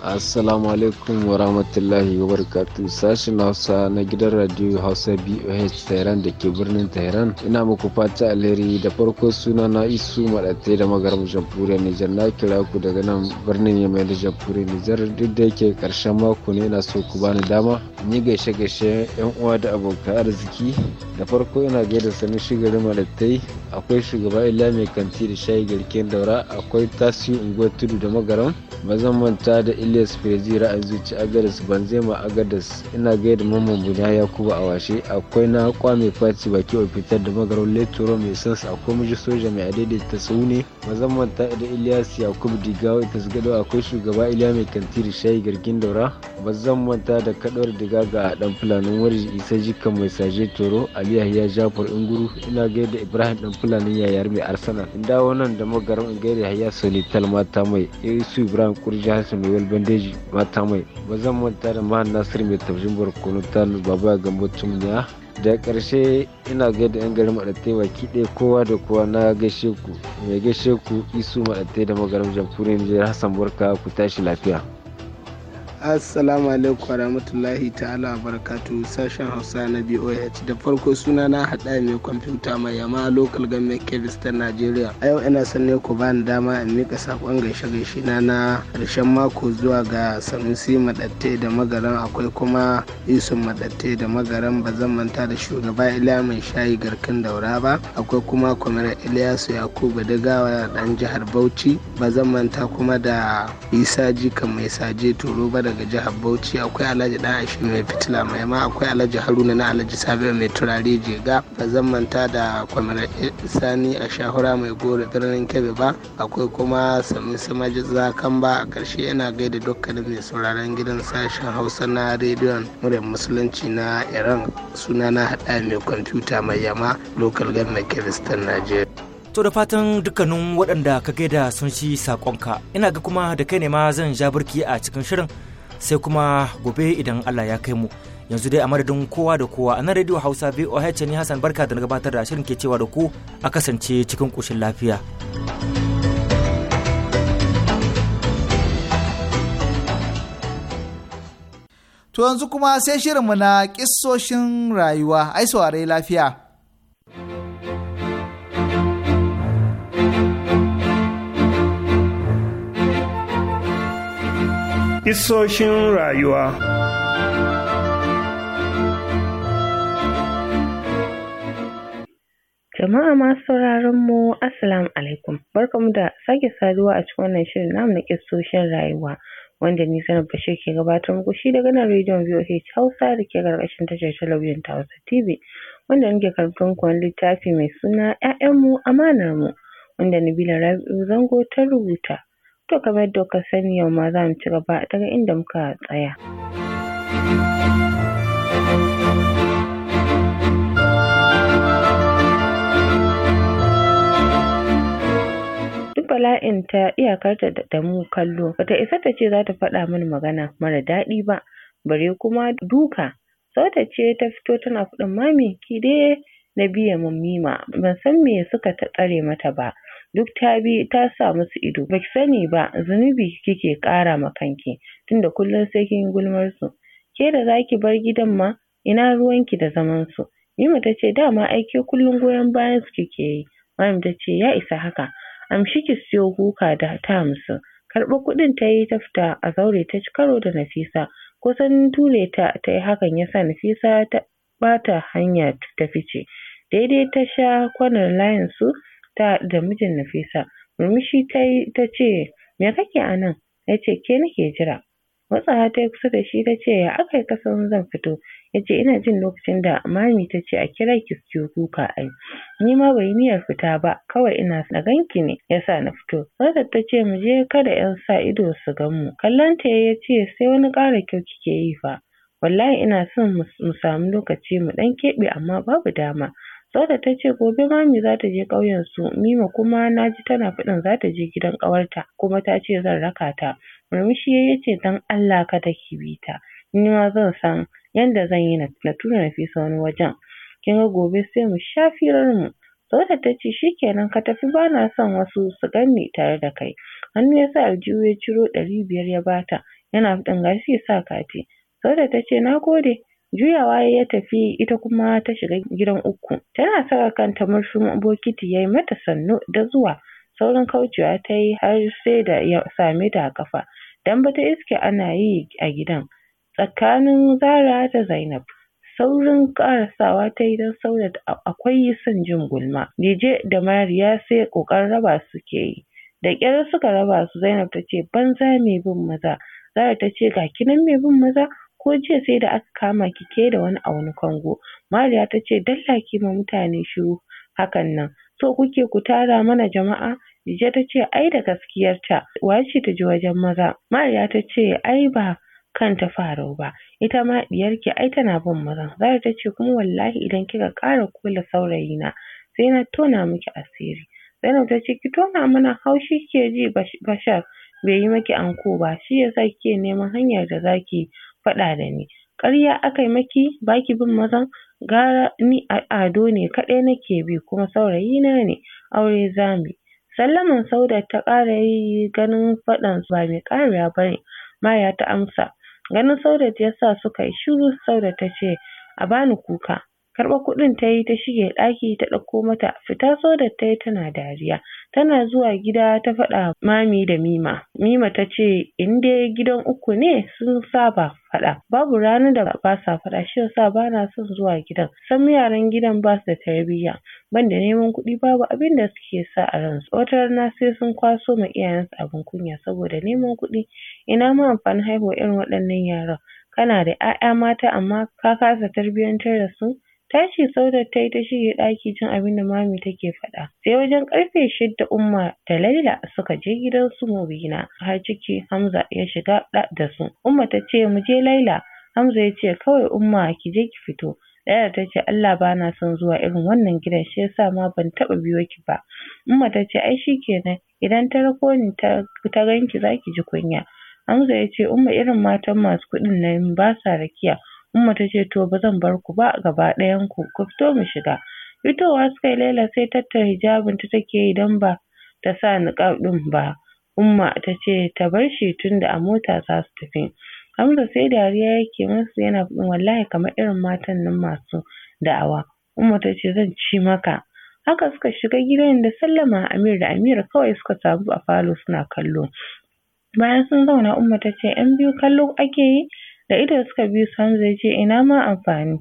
assalamu alaikum wa rahmatullahi wa barakatu sashen hausa na gidan radio hausa boh tehran da ke birnin tehran ina muku fata alheri da farko suna na isu maɗatai da magarar jamhuriyar nijar na kira ku daga nan birnin yamai da jamhuriyar nijar duk da yake karshen mako ne na so ku bani dama ni gaishe gaishe yan uwa da abokan arziki da farko ina gaida sanin shigarin maɗatai akwai shugaba ila mai kanti da shayi garken daura akwai tasiri unguwar tudu da magaram mazan manta da ila Julius Firji ra'ayin zuci Agadas Banzema Agadas ina gaida mamman Buda Yakubu a washe akwai na kwame faci baki fitar da magarar Leturo mai sans akwai miji soja mai adaidaita sune mazamman ta da Ilyas Yakubu Digawa ita gado akwai shugaba Iliya mai kantiri shayi gargin daura bazan ta manta da kadawar diga ga dan fulanin warji isa jikan mai saje toro Ali Yahya Jafar Inguru ina gaida Ibrahim dan fulanin yayar mai Arsenal inda wannan da magaran in gaida Yahya Sonital mata mai Isu Ibrahim Kurji Hassan mai bandeji mata mai ba zan manta da mahan nasir mai tafshin barkono ta baba ya gambo ne da karshe ina ga da 'yan garin maɗatai baki ɗaya kowa da kowa na gaishe ku mai gaishe ku isu maɗatai da magaram jamhuriyar nijar hassan barka ku tashi lafiya assalamu alaikum warahmatullahi ta'ala barakatu sashen hausa na boh da farko suna na haɗa mai kwamfuta mai yama local government kebis ta nigeria a yau ina son ne ku ba ni dama in mika sakon gaishe gaishe na na ƙarshen mako zuwa ga sanusi madatte da magaran akwai kuma yusuf madatte da magaran ba zan manta da shugaba iliya mai shayi garkin daura ba akwai kuma kwamar iliyasu yakubu gawa dan jihar bauchi ba zan manta kuma da isa jika mai saje turo ba da daga jihar bauchi akwai alhaji dan aishi mai fitila mai ma akwai alhaji haruna na alhaji sabiu mai turare jega ba zan manta da kwamar sani a shahura mai goro birnin kebe ba akwai kuma sami samaji zakan ba a karshe yana gaida dukkanin mai sauraron gidan sashen hausa na rediyon muryar musulunci na iran suna na haɗa mai kwamfuta mai yama local government kebistan nigeria To da fatan dukkanin waɗanda ka gaida sun shi saƙonka, ina ga kuma da kai ne ma zan jaburki birki a cikin shirin sai kuma gobe idan Allah ya kai mu yanzu dai a madadin kowa da kowa a nan radio hausa voh ne hassan barka da na gabatar da shirin ke cewa da ku a kasance cikin ƙoshin lafiya to yanzu kuma sai shirinmu na kisoshin rayuwa ai saurari lafiya Isoshin rayuwa Jama'a masu sauraron mu Assalamu alaikum barkamu da sake saduwa a cikin wannan shirin namu na kisoshin rayuwa wanda ni Zainab Bashir ke gabatar muku shi daga nan rediyon VOH Hausa da ke karkashin tashar talabijin ta Hausa TV wanda nake karanta muku wani littafi mai suna ‘ya'yanmu amanar mu wanda Nabila Rabi'u Zango ta rubuta To kamar yadda kuka sani yau ma za mu ci gaba daga inda muka tsaya. bala'in ta iyakarta da mu kallo bata isa ta ce za ta faɗa min magana mara daɗi ba bare kuma duka sauta ce ta fito tana faɗin mami ki dai na biya min ban san me suka ta tsare mata ba duk ta bi ta sa musu ido Ba ki sani ba zunubi kike ƙara ma kanki tunda kullum sai kin yi gulmar su ke da zaki bar gidan ma ina ruwanki da zaman su Yima ta ce dama ai kullum goyon bayan su kike yi Maryam ta ce ya isa haka amshi ki siyo kuka da ta hamsin karɓar kuɗin ta yi ta fita a zaure ta ci karo da Nafisa kusan dule ta ta yi hakan ya sa Nafisa ta ɓata hanya ta fice daidai ta sha kwanan layin su ta da mijin Nafisa. Murmushi ta yi ce, Me kake a nan? Ya ce, Ke nake jira. Matsaya ta yi kusa da shi ta ce, Ya aka yi kasan zan fito? Ya ce, Ina jin lokacin da mami ta ce a kira ki siyo kuka ai. Ni ma bai niyyar fita ba, kawai ina na ganki ne, ya sa na fito. Sadar ta ce, Mu je kada 'yan sa ido su gan mu. Kallon ta ya ce, Sai wani ƙara kyau kike yi fa. wallahi ina son mu samu lokaci mu ɗan keɓe amma babu dama Saudat ta ce gobe Mami za ta je ƙauyen su, Mima kuma na ji tana faɗin za ta je gidan ƙawarta kuma ta ce zan raka ta. Murmushi ya ce don Allah kada ki bi ta, ni ma zan san yanda zan yi na tura Nafisa wani wajen. Kin ga gobe sai mu sha firarmu. Saudat ta ce shi kenan ka tafi ba na son wasu su ganni tare da kai. Hannu ya sa aljihu ya ciro ɗari biyar ya bata, yana faɗin gashi sa kati. Saudat ta ce na gode. Juyawa ya tafi ita kuma ta shiga gidan uku. Tana saka kanta murfin bokiti ya yi mata sannu da zuwa. Saurin kaucewa ta yi har sai da ya same ta a kafa. Dambe ta iske ana yi a gidan. Tsakanin Zara da Zainab. Saurin karasawa ta yi don saboda akwai son jin gulma. lije da Mariya sai ƙoƙarin raba suke yi. Da ƙyar suka raba su Zainab ta ce banza mai bin maza. Zara ta ce ga kinan mai bin maza ko jiya sai da aka kama ki ke da wani a wani kango. Mariya ta ce dalla ki ma mutane shiru hakan nan. So kuke ku tara mana jama'a? Dije ta ce ai da gaskiyarta wace ta ji wajen maza. Mariya ta ce ai ba kanta farau ba ita ma diyarki ai tana bin mazan. Zara ta ce kuma wallahi idan kika ƙara kula na sai na tona miki asiri. Zainab ta ce ki tona mana haushi ke ji Bashar bai yi maki anko ba shi yasa kike neman hanyar da zaki faɗa da ni. Ƙarya aka yi maki ba bin mazan gara ni Ado ne kaɗai nake bi kuma saurayina ne aure za mu yi. Sallaman Saudat ta ƙara yi ganin faɗan ba mai ƙarewa ba ne. Maya ta amsa. Ganin Saudat ya sa suka yi shiru Saudat ta ce a bani kuka. Karɓar kuɗin ta yi ta shige ɗaki ta ɗauko mata. Fita so da ta yi tana dariya. Tana zuwa gida ta faɗa Mami da Mima. Mima ta ce in dai gidan uku ne sun saba faɗa. Babu ranar da ba sa faɗa shi yasa ba na son zuwa gidan. san yaran gidan ba su da tarbiyya. Ban da neman kuɗi babu abin da suke sa a ransu. Wata rana sai sun kwaso ma iyayensu abin kunya saboda neman kuɗi. Ina ma amfanin haihuwa irin waɗannan yaran. Kana da ‘ya'ya mata amma ka kasa tarbiyyantar da su. Tashi Saudat ta yi ta shige ɗaki cin abin da Mami take faɗa. Sai wajen ƙarfe shidda Umma da Laila suka je gidan su Mubina har ciki Hamza ya shiga da su. Umma ta ce mu je Laila. Hamza ya ce kawai Umma ki je ki fito. Laila ta ce Allah bana na son zuwa irin wannan gidan shi yasa ma ban taɓa biyo ki ba. Umma ta ce ai shikenan idan ta rako ni ta ganki za ki ji kunya. Hamza ya ce Umma irin matan masu kuɗin nan ba sa rakiya. Umma ta ce to ba zan bar ku ba gaba ɗayan ku ku fito mu shiga. Fitowa suka yi Laila sai tattara hijabin ta take yi don ba ta sa niƙab ɗin ba. Umma ta ce ta bar shi tunda a mota za su tafi. Hamza sai dariya yake musu yana faɗin wallahi kamar irin matan nan masu da'awa. Umma ta ce zan ci maka. Haka suka shiga gidan da sallama Amir da Amira kawai suka sabu a falo suna kallo. Bayan sun zauna Umma ta ce ‘yan biyu kallo ake yi? da ido suka bi su Hamza ya ce ina ma amfani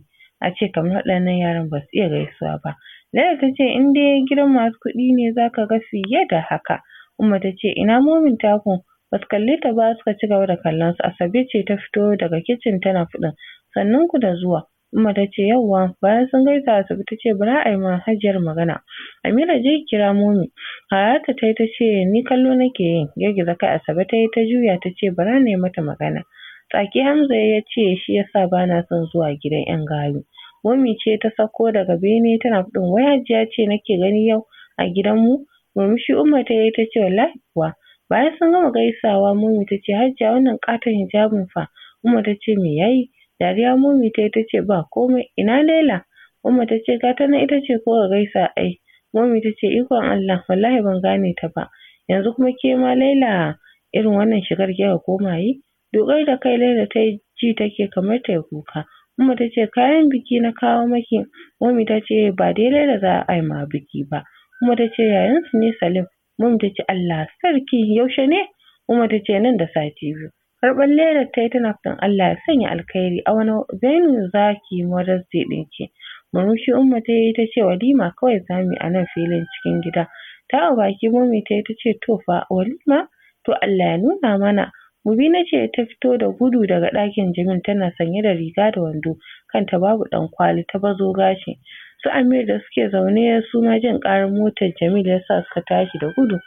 a ce kamar waɗannan yaran ba su iya gaisuwa ba. Laila ta ce in dai gidan masu kuɗi ne za ka ga fiye da haka. Umma ta ce ina momin taku ba su kalle ta ba suka ci gaba da kallon su Asabe ce ta fito daga kicin tana kuɗin, sannan ku da zuwa. Umma ta ce yauwa bayan sun gaisa Asabe ta ce bari a yi ma hajiyar magana. Amira je kira momi. Hayata ta yi ta ce ni kallo nake yin. girgiza kai Asabe ta yi ta juya ta ce bara nemi mata magana. Tsaki Hamza ya ce shi yasa ba na son zuwa gidan 'yan gayu. Momi ce ta sauko daga bene tana faɗin wai Hajiya ce nake gani yau a gidan gidanmu. Murmushi Umma ta yi ta ce wallahi kuwa. Bayan sun gama gaisawa Momi ta ce Hajiya wannan katon hijabin fa. Umma ta ce me yayi? Dariya Momi ta yi ta ce ba komai ina Laila. Umma ta ce gata nan ita ce ko gaisa ai. Momi ta ce ikon Allah wallahi ban gane ta ba. Yanzu kuma ke ma Laila irin wannan shigar gyara koma yi? Dukar da kai Laila ta yi ji take kamar ta yi kuka. Umma ta kayan biki na kawo maki. Ummi tace ba dai Laila za a ma biki ba. Umma tace ce su ne Salim. Ummi ta Allah sarki yaushe ne? Umma tace nan da sati biyu. Karɓar Laila ta yi tana kan Allah ya sanya alkhairi a wani venue zaki ki dinki Umma ta tace walima kawai za yi a nan filin cikin gida. Ta baki Momi ta tace ce to fa walima to Allah ya nuna mana. Mubina ce ta fito da gudu daga ɗakin Jamil tana sanye da riga da wando, kanta babu ɗankwali ta bazo gashi. Su Amir da suke zaune su ma jin ƙarar motar Jamil ya sa suka tashi da gudu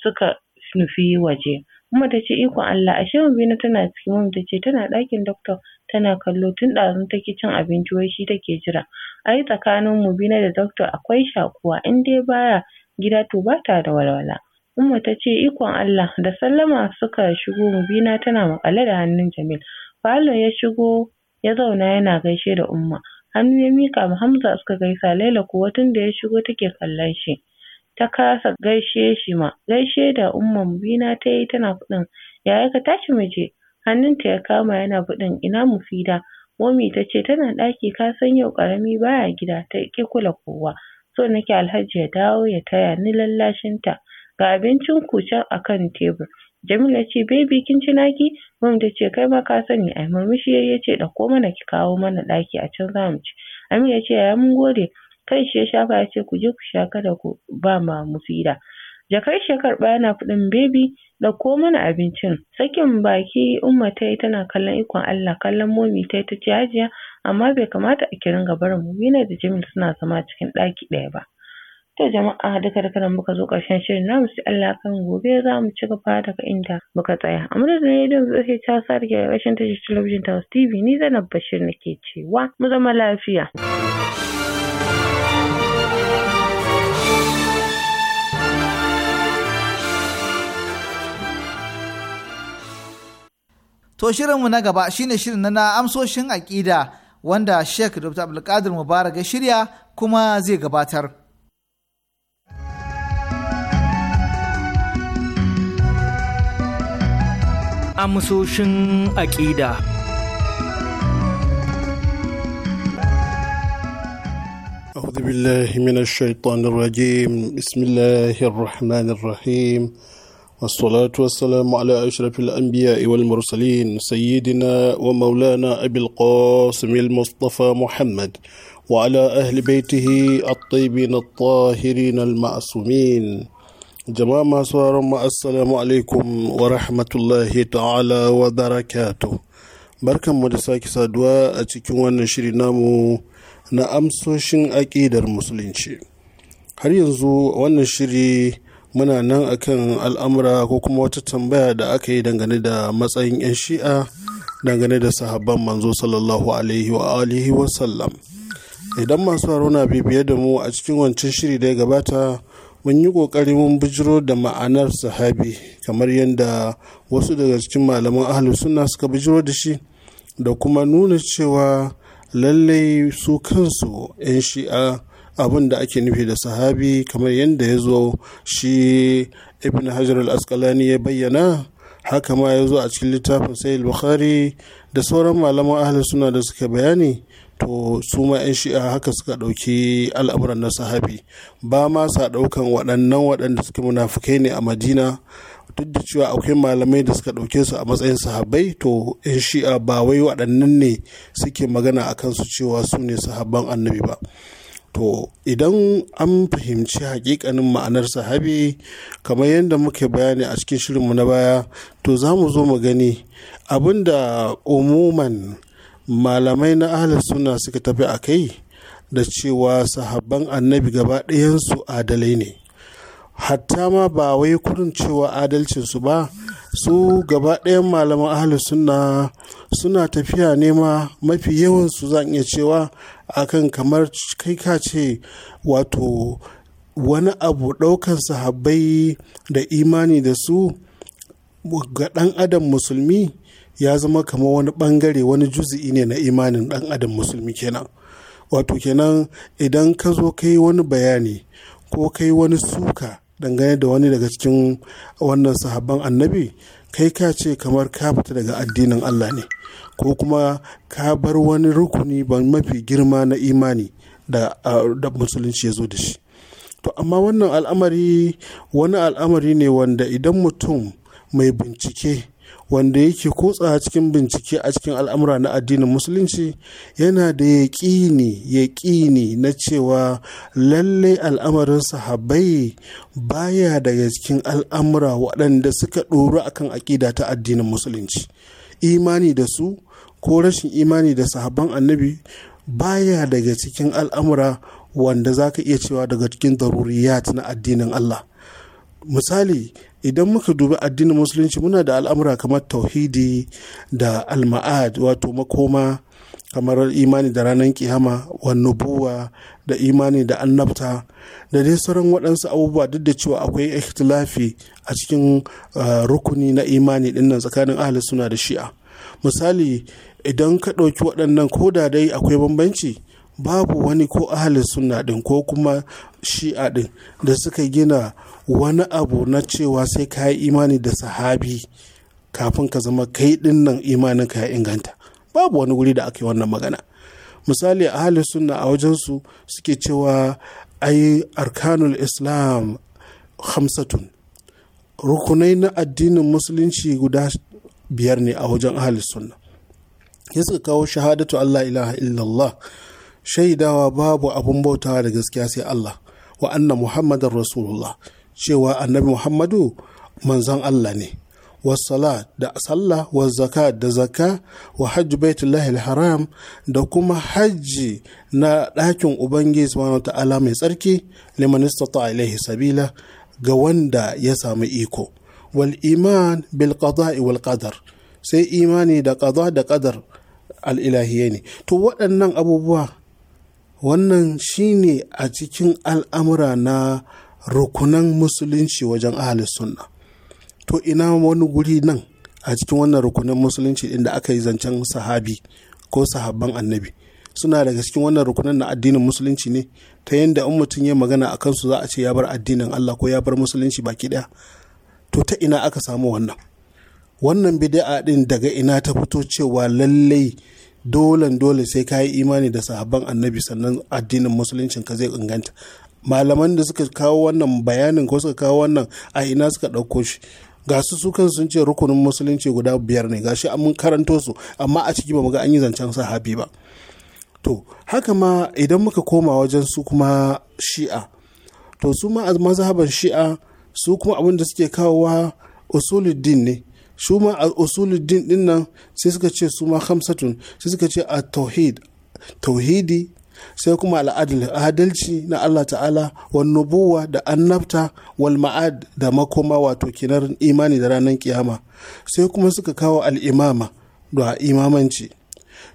suka nufi waje. Umma ta ce ikon Allah ashe Mubina tana ciki Mum ta ce tana ɗakin doctor tana kallo tun ɗazun take cin abinci wai shi take jira. Ai tsakanin Mubina da doctor akwai shakuwa in dai baya gida to bata da walwala. Umma ta ce ikon Allah da sallama suka shigo Mubina tana maƙale da hannun Jamil. Falo ya shigo ya zauna yana gaishe da Umma. Hannu ya miƙa ma Hamza suka gaisa Laila kuwa tun da ya shigo take kallon shi. Ta kasa gaishe shi ma. Gaishe da Umma Mubina ta yi tana faɗin ya ka tashi mu je. Hannunta ya kama yana faɗin ina Mufida. Momi ta ce tana ɗaki ka san yau ƙarami baya gida ta ƙi kula kowa. So nake Alhaji ya dawo ya taya ni lallashinta. ga abincin ku can a kan tebur. Jamila ce baby kin ci naki? Mum ta ce kai ma ka sani ai murmushi yayi ce ɗauko mana ki kawo mana ɗaki a can za mu ci. Amina ce yaya mun gode. Kai shi ya shafa ya ce ku je ku sha kada ku ba ma musida. Jakar shi ya karɓa yana faɗin baby ɗauko mana abincin. Sakin baki Umma ta yi tana kallon ikon Allah kallon momi ta yi ta ce hajiya amma bai kamata a ki ringa barin da Jamil suna zama cikin ɗaki ɗaya ba. To jama'a duka duka nan muka zo ƙarshen shirin namu sai Allah kan gobe za mu ci gaba daga inda muka tsaya. A madadin rediyon tsoke ta sa a rashin tashar talabijin ta TV ni Zainab Bashir nake cewa mu zama lafiya. To shirinmu na gaba shine shirin na amsoshin aƙida wanda Sheikh Dr. Abdulkadir Mubarak ya shirya kuma zai gabatar. amsoshin aƙida. أعوذ بالله من الشيطان الرجيم بسم الله الرحمن الرحيم والصلاة والسلام على أشرف الأنبياء والمرسلين سيدنا ومولانا أبي القاسم المصطفى محمد وعلى أهل بيته الطيبين الطاهرين المعصومين jama'a masu mu assalamu alaikum wa rahmatullahi ta'ala wa barakatu mu da sake saduwa a cikin wannan shiri namu na amsoshin aƙidar musulunci har yanzu wannan shiri muna nan akan al'amura ko kuma wata tambaya da aka yi dangane da matsayin 'yan shi'a dangane da sahabban manzo sallallahu alaihi wa alihi idan masu na bibiye da mu a cikin wancan shiri da ya gabata mun yi ƙoƙari mun bijiro da ma'anar sahabi kamar yadda wasu daga cikin malaman ahalus suna suka bijiro da shi da kuma nuna cewa lallai su kansu 'yan shi'a abin da ake nufi da sahabi kamar yadda ya zo shi ibn hajar al-asqalani ya bayyana haka ma ya zo a cikin littafin sai bukhari da sauran malaman ahalus suna da suka bayani to su ma 'yan shi'a haka suka ɗauki al'amuran na sahabi ba ma sa ɗaukan waɗannan waɗanda suke munafukai ne a madina duk da cewa akwai malamai da suka ɗauke su a matsayin sahabbai to 'yan shi'a ba wai waɗannan ne suke magana a kansu cewa su ne sahabban annabi ba to idan an fahimci hakikanin ma'anar sahabi kamar yadda muke bayani a cikin shirinmu na baya to za mu zo mu gani abinda umuman malamai na ahlus suna suka tafi a kai da cewa sahabban annabi gaba ɗayansu adalai ne hatta ma ba wai kurin cewa adalcinsu ba su gaba ɗayan malaman ahalus sunna suna tafiya nema mafi yawansu zan iya cewa akan kamar kai ka ce wato wani abu ɗaukan sahabbai da imani da su ga ɗan adam musulmi ya zama kamar wani bangare wani juzi'i ne na imanin dan adam musulmi kenan wato kenan idan ka zo kai wani bayani ko kai wani suka dangane da wani daga cikin wannan sahabban annabi kai ka ce kamar ka fita daga addinin Allah ne ko kuma ka bar wani rukuni ban mafi girma na imani da musulunci ya zo da shi to amma wannan al'amari wani al'amari ne wanda idan mutum mai bincike wanda yake kutsa cikin bincike a cikin al'amura na addinin musulunci yana da yaƙini yaƙini na cewa lallai al'amarin sahabai baya daga cikin al'amura waɗanda suka ɗoru kan aƙida ta addinin musulunci imani da su ko rashin imani da sahabban annabi baya daga cikin al'amura wanda za ka iya cewa daga cikin daruriyat na addinin Allah misali idan muka dubi addinin musulunci muna da al'amura kamar tauhidi da alma'ad wato makoma kamar imani da ranar kiyama wa da imani da annabta da dai sauran waɗansu abubuwa duk da cewa akwai ikhtilafi a cikin uh, rukuni na imani dinnan tsakanin ahalin suna da shi'a misali idan ka ɗauki waɗannan ko da dai akwai bambanci babu wani ko ahalin suna ɗin ko kuma shi'a ɗin da suka gina wani abu na cewa sai ka yi imani da sahabi kafin ka zama kai din nan imanin ka ya inganta babu wani wuri da aka wannan magana misali ahalin suna a wajensu suke cewa ai arkanul islam hamsatun rukunai na addinin musulunci guda biyar ne a wajen ahalin suna ya suka kawo shahadatu allah ilaha illallah shaidawa babu abun bautawa da gaskiya sai Allah wa anna Muhammadar Rasulullah cewa annabi Muhammadu manzon Allah ne wasala da sallah wa zaka da zaka wa hajji baitullahi haram da kuma hajji na ɗakin ubangiji subhanahu ta'ala mai tsarki liman istata ilaihi sabila ga wanda ya samu iko wal iman bil qada'i wal qadar sai imani da qada da qadar al ne to waɗannan abubuwa wannan shi ne a cikin al'amura na rukunan musulunci wajen ahalus sunna to ina wani guri nan a cikin wannan rukunan musulunci inda aka yi zancen sahabi ko sahabban annabi suna daga cikin wannan rukunan na addinin musulunci ne ta yadda in mutum ya magana a kansu za a ce ya bar addinin Allah ko ya bar musulunci baki daya to ta ina aka samu wannan wannan bid'a din daga ina ta fito cewa lallai dole dole sai ka yi imani da sahabban annabi sannan addinin musuluncin ka zai inganta malaman da suka kawo wannan bayanin ko suka kawo wannan a ina suka ɗauko shi ga su su kan sun ce rukunin musulunci guda biyar ne gashi an mun karanto su amma a ciki ba mu ga an yi zancen sahabi ba to haka ma idan muka koma wajen su kuma shi'a to su ma mazhaban shi'a su kuma abin da suke kawowa usuluddin ne su ma a usuluddin din nan sai suka ce su ma hamsatun sai suka ce a tauhidi sai kuma al'adil adalci na Allah ta'ala wa nubuwa da annabta wal ma'ad da makoma wato kinar imani da ranar kiyama sai kuma suka kawo al'imama da imamanci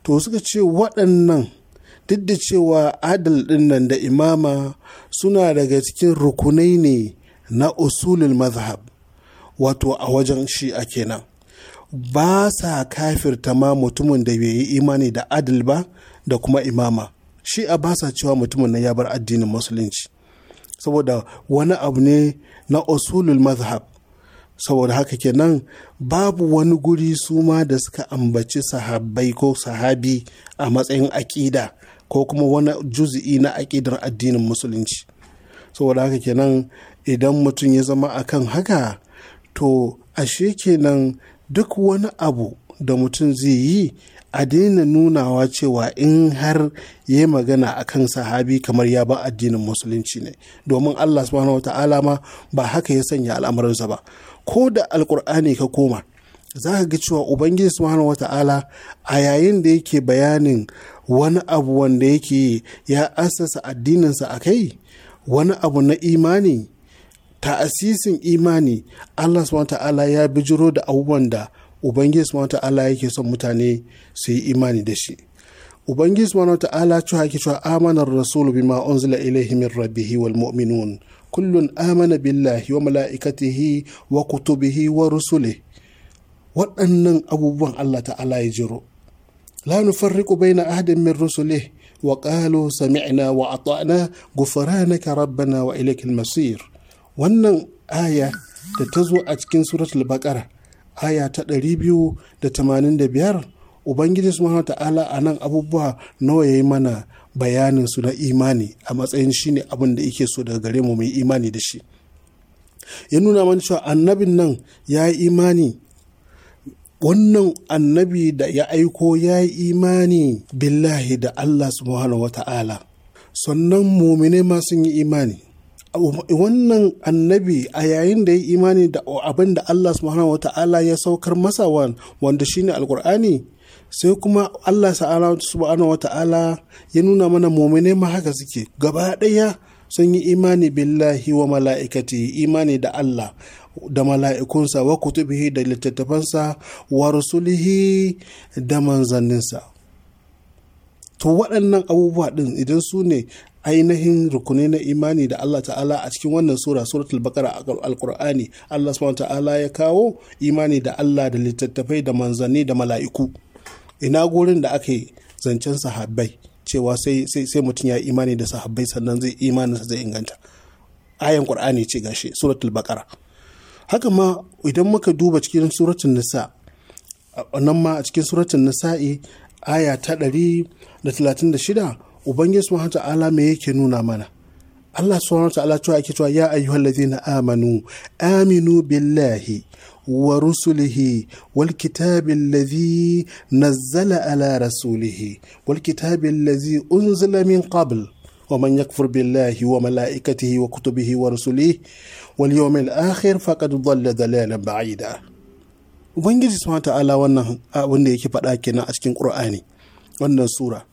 to suka ce waɗannan duk da cewa adal ɗin nan da imama suna daga cikin rukunai ne na usulul mazhab wato a wajen shi'a kenan ba sa kafirta ma mutumin da bai yi imani da adil ba da kuma imama shi'a ba sa cewa mutumin nan ya bar addinin musulunci saboda wani abu ne na usulul mazhab saboda haka kenan babu wani guri su ma da suka ambaci sahabbai ko sahabi a matsayin aƙida ko kuma wani juzi'i na aƙidar addinin musulunci saboda haka kenan idan mutum ya zama akan haka to ashe kenan duk wani abu da mutum zai yi a daina nunawa cewa in har ya yi magana a kan sahabi kamar ya ba addinin musulunci ne domin allah subhanahu wata'ala ma ba haka ya sanya al'amuransa ba ko da alkur'ani ka koma za ka ga cewa ubangiji subhanahu wata'ala a yayin da yake bayanin wani abu wanda yake ya asasa addininsa a kai wani abu na imani ta'asisin imani Allah subhanahu ta'ala ya bijiro da abubuwan da Ubangiji subhanahu ta'ala yake son mutane su yi imani da shi Ubangiji subhanahu ta'ala cewa yake cewa amanar rasulu bima unzila ilaihi min rabbihi wal mu'minun kullun amana billahi wa mala'ikatihi wa kutubihi wa rusulihi waɗannan abubuwan Allah ta'ala ya jiro la nufarriqu baina ahadin min rusulihi wa qalu sami'ina wa ata'na na, rabbana wa ilaikal masir wannan aya da ta zo a cikin suratul baqara aya ta ɗari biyu da da tamanin biyar, ubangiji subhanahu ta'ala a nan abubuwa nawa ya yi mana bayanin su na imani a matsayin shine abin da yake so daga gare mu mai imani da shi ya nuna mana cewa annabin nan ya yi imani wannan annabi da ya aiko ya yi imani billahi da Allah subhanahu wa ta'ala sannan mumine ma sun yi imani wannan annabi a yayin da ya imani da abin da Allah subhanahu wa ta'ala ya saukar masa wanda shine alkur'ani sai kuma Allah subhanahu wa ta'ala ya nuna mana momine ma haka suke gaba ɗaya sun yi imani billahi wa mala'ikati imani da Allah da mala'ikunsa wa kutubihi da littattafansa wa rusulihi da manzanninsa to waɗannan abubuwa ɗin idan su ne ainihin rukuni na imani da Allah ta'ala a cikin wannan sura suratul baqara alqur'ani Allah subhanahu ta'ala ya kawo imani da Allah da littattafai da manzanni da mala'iku ina gurin da ake zancen sahabbai cewa sai sai sai mutum ya imani da sahabbai sannan zai imani zai inganta ayan qur'ani ce gashi suratul baqara haka ma idan muka duba cikin suratul nisa nan ma a cikin suratul nisa'i aya ta ɗari da 36 ubangiji subhanahu ta'ala me yake nuna mana Allah subhanahu ta'ala cewa yake cewa ya ayyuhallazina amanu aminu billahi wa rusulihi wal kitabi allazi nazzala ala rasulihi wal kitabi allazi unzila min qabl ومن يكفر بالله وملائكته وكتبه ورسله واليوم الآخر فقد ضل ضلالا بعيدا ubangiji subhanahu ta'ala wannan abin da yake faɗa kenan a cikin qur'ani wannan sura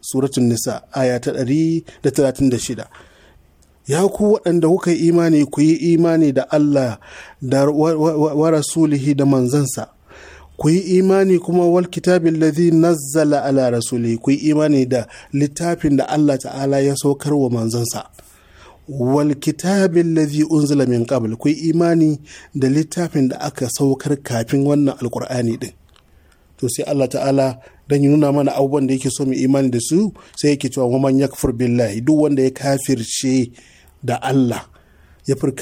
suratun nisa aya ta 136 ya ku waɗanda kuka yi imani ku yi imani da Allah da wa, rasulihi da manzansa ku yi imani kuma wal kitabin ladhi nazzala ala rasulihi ku yi imani da littafin da Allah ta'ala ya saukar wa manzansa wal kitabin ladhi unzila min qabl ku yi imani da littafin da aka saukar kafin wannan alkur'ani din to sai Allah ta'ala dan yi nuna mana abubuwan da yake so mu imani da su sai yake cewa waman yakfur billahi duk wanda ya kafirce da Allah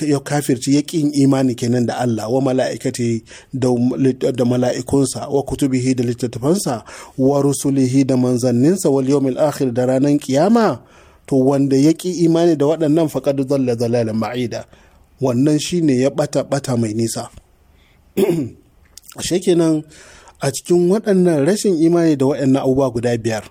ya kafirci ya ƙin imani kenan da Allah wa mala'ikati um, da mala'ikunsa wa kutubihi da littattafansa wa rusulihi da manzanninsa wal yawmil akhir da ranar kiyama to wanda ya ƙi imani da waɗannan faƙad zalla zalalan ma'ida wannan shine ya ɓata ɓata mai nisa ashe a cikin waɗannan rashin imani da waɗannan abubuwa guda biyar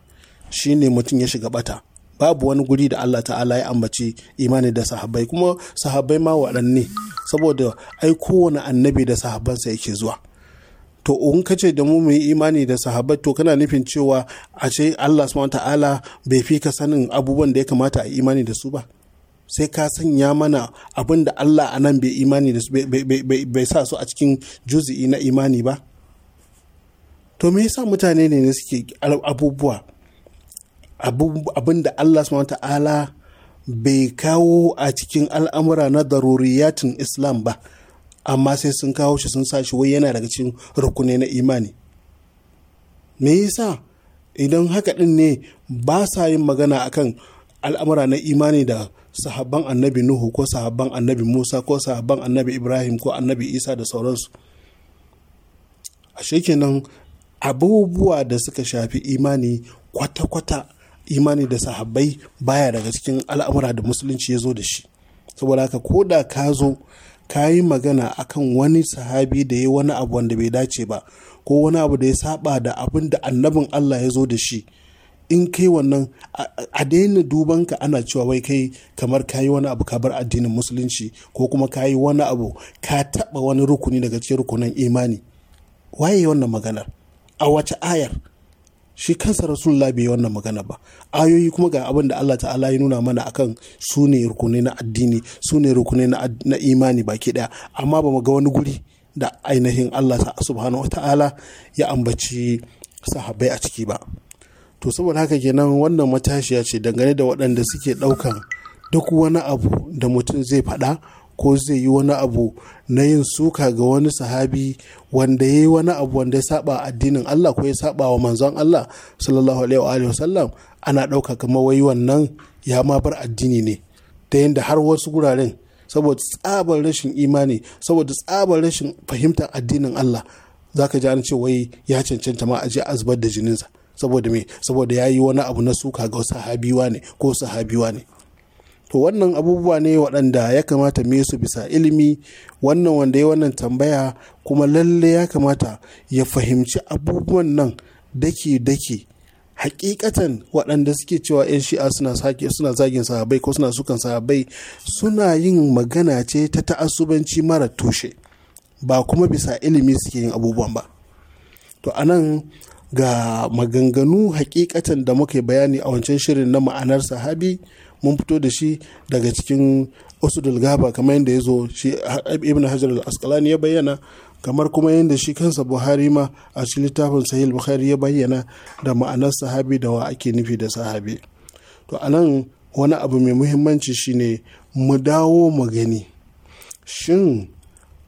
shine mutum ya shiga bata babu wani guri da Allah ta'ala ya ambaci imani da sahabbai kuma sahabbai ma waɗanne saboda ai kowane annabi da sahabbansa yake zuwa to in ka ce da mu muyi imani da sahabbai to kana nufin cewa a ce Allah subhanahu ta'ala bai fi ka sanin abubuwan da ya kamata a imani da su ba sai ka sanya mana abin da Allah Anan nan bai imani da su bai sa su a cikin juzi'i na imani ba to me yasa mutane ne ne suke abubuwa abin da Allah subhanahu ta'ala bai kawo a cikin al'amura na daruriyatin islam ba amma sai sun kawo shi sun sa shi wai yana daga cikin rukuni na imani me yasa idan haka din ne ba sa yin magana akan al'amura na imani da sahabban annabi nuhu ko sahabban annabi musa ko sahabban annabi ibrahim ko annabi isa da sauransu a kenan abubuwa da suka shafi imani kwata-kwata imani da sahabbai baya daga cikin al'amura da musulunci ya zo da shi saboda haka ko da ka zo ka yi magana akan wani sahabi da ya wani abu wanda bai dace ba ko wani abu da ya saba da abin da annabin Allah ya zo da shi in kai wannan a daina duban ka ana cewa wai kai kamar ka yi wani abu ka bar addinin musulunci ko kuma ka yi wani abu ka taɓa wani rukuni daga cikin rukunin imani waye wannan maganar a wace ayar shi kansa rasulullah bai wannan magana ba ayoyi kuma ga abin da allah ta'ala ya nuna mana akan su ne rukunai na addini su ne rukunai na imani baki daya amma ba mu ga wani guri da ainihin allah ta subhanahu wa ta'ala ya ambaci sahabbai a ciki ba to saboda haka kenan wannan matashiya ce dangane da waɗanda suke ɗaukan duk wani abu da mutum zai faɗa ko zai yi wani abu na yin suka ga wani sahabi wanda ya yi wani abu wanda ya saba addinin Allah ko ya saba wa manzon Allah sallallahu alaihi wa ana ɗauka kamar wai wannan ya ma bar addini ne ta yadda har wasu guraren saboda tsabar rashin imani saboda tsabar rashin fahimtar addinin Allah zaka ji an ce wai ya cancanta ma a je da jininsa saboda me saboda ya yi wani abu na suka ga sahabiwa ne ko sahabiwa ne to wannan abubuwa ne waɗanda ya kamata me su bisa ilimi wannan wanda ya wannan tambaya kuma lalle ya kamata ya fahimci abubuwan nan dake dake hakikatan waɗanda suke cewa 'yan shi'a suna sake suna zagin sahabai ko suna sukan sahabai suna yin magana ce ta ta'assubanci mara tushe ba kuma bisa ilimi suke yin abubuwan ba to anan ga maganganu hakikatan da muka bayani a wancan shirin na ma'anar sahabi mun fito da shi daga cikin usudul gaba kamar yadda ya zo shi ibn hajar al-asqalani ya bayyana kamar kuma yadda shi kansa buhari ma a cikin littafin sahih buhari ya bayyana da ma'anar sahabi da wa ake nufi da sahabi to anan wani abu mai muhimmanci shine mu dawo mu gani shin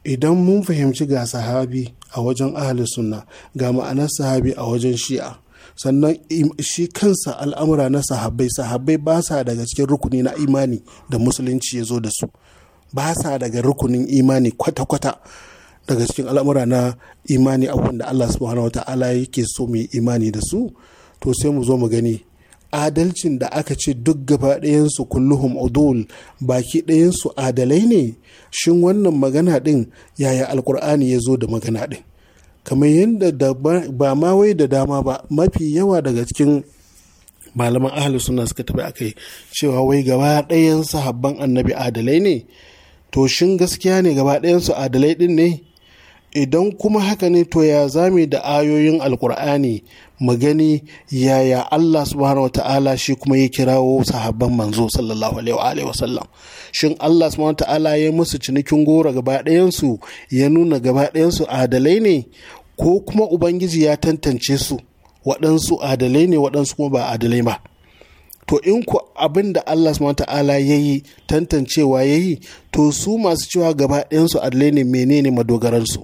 idan mun fahimci ga sahabi a wajen ahli sunna ga ma'anar sahabi a wajen shi'a sannan shi kansa al'amura na sahabbai sahabbai ba sa daga cikin rukuni na imani da musulunci ya zo da su ba sa daga rukunin imani kwata-kwata daga cikin al'amura na imani abin da Allah subhanahu wa ta'ala yake so mu imani da su to sai mu zo mu gani adalcin da aka ce duk gaba ɗayansu kulluhum udul baki ɗayansu adalai ne shin wannan magana ɗin yaya alkur'ani ya zo da magana ɗin kamar yadda ba ma wai da dama ba mafi yawa daga cikin malaman ahalus suna suka tafi a kai cewa wai gaba ɗayan sahabban annabi adalai ne to shin gaskiya ne gaba ɗayan su adalai ɗin ne idan kuma haka ne to ya zame da ayoyin alkur'ani mu gani yaya Allah subhanahu wa ta'ala shi kuma ya kirawo sahabban manzo sallallahu alaihi wa sallam shin Allah subhanahu wa ta'ala ya musu cinikin goro gaba ɗayansu ya nuna gaba ɗayansu adalai ne ko kuma ubangiji ya tantance su waɗansu adalai ne waɗansu kuma ba adalai ba to in ku abin da Allah ta'ala ya yi tantancewa ya yi to su masu cewa gaba ɗayansu adalai ne menene madogaransu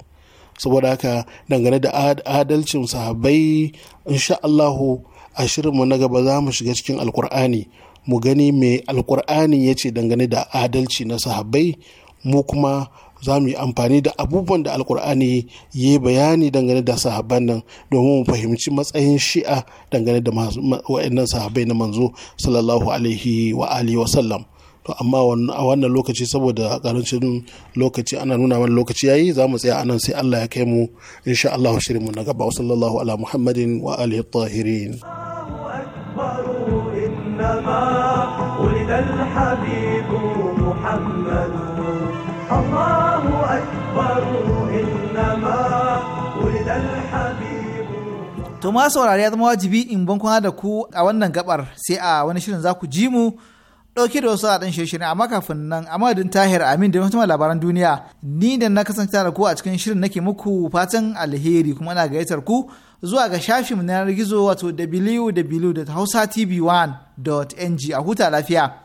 saboda haka dangane da adalcin sahabbai insha Allahu a shirinmu na gaba za mu shiga cikin alkur'ani mu gani mai alkur'ani ya ce dangane da adalci na sahabbai mu kuma za mu yi amfani da abubuwan da alkur'ani ya yi bayani dangane da sahabban nan domin mu fahimci matsayin shi'a dangane da wa'annan sahabbai na manzo sallallahu alaihi wa alihi wa sallam to amma a wannan lokaci saboda karancin lokaci ana nuna wani lokaci yayi za mu tsaya anan sai Allah ya kai mu insha Allah shirin mu na gaba sallallahu ala muhammadin wa alihi tahirin Allahu To ma saurari ya zama wajibi in ban kwana da ku a wannan gabar sai a wani shirin za ku ji mu ɗauke da wasu ɗan shirin amma kafin nan a madadin tahir amin da mutum labaran duniya ni da na kasance da ku a cikin shirin nake muku fatan alheri kuma na gayyatar ku zuwa ga shafin na yanar gizo wato www.hausatv1.ng a huta lafiya.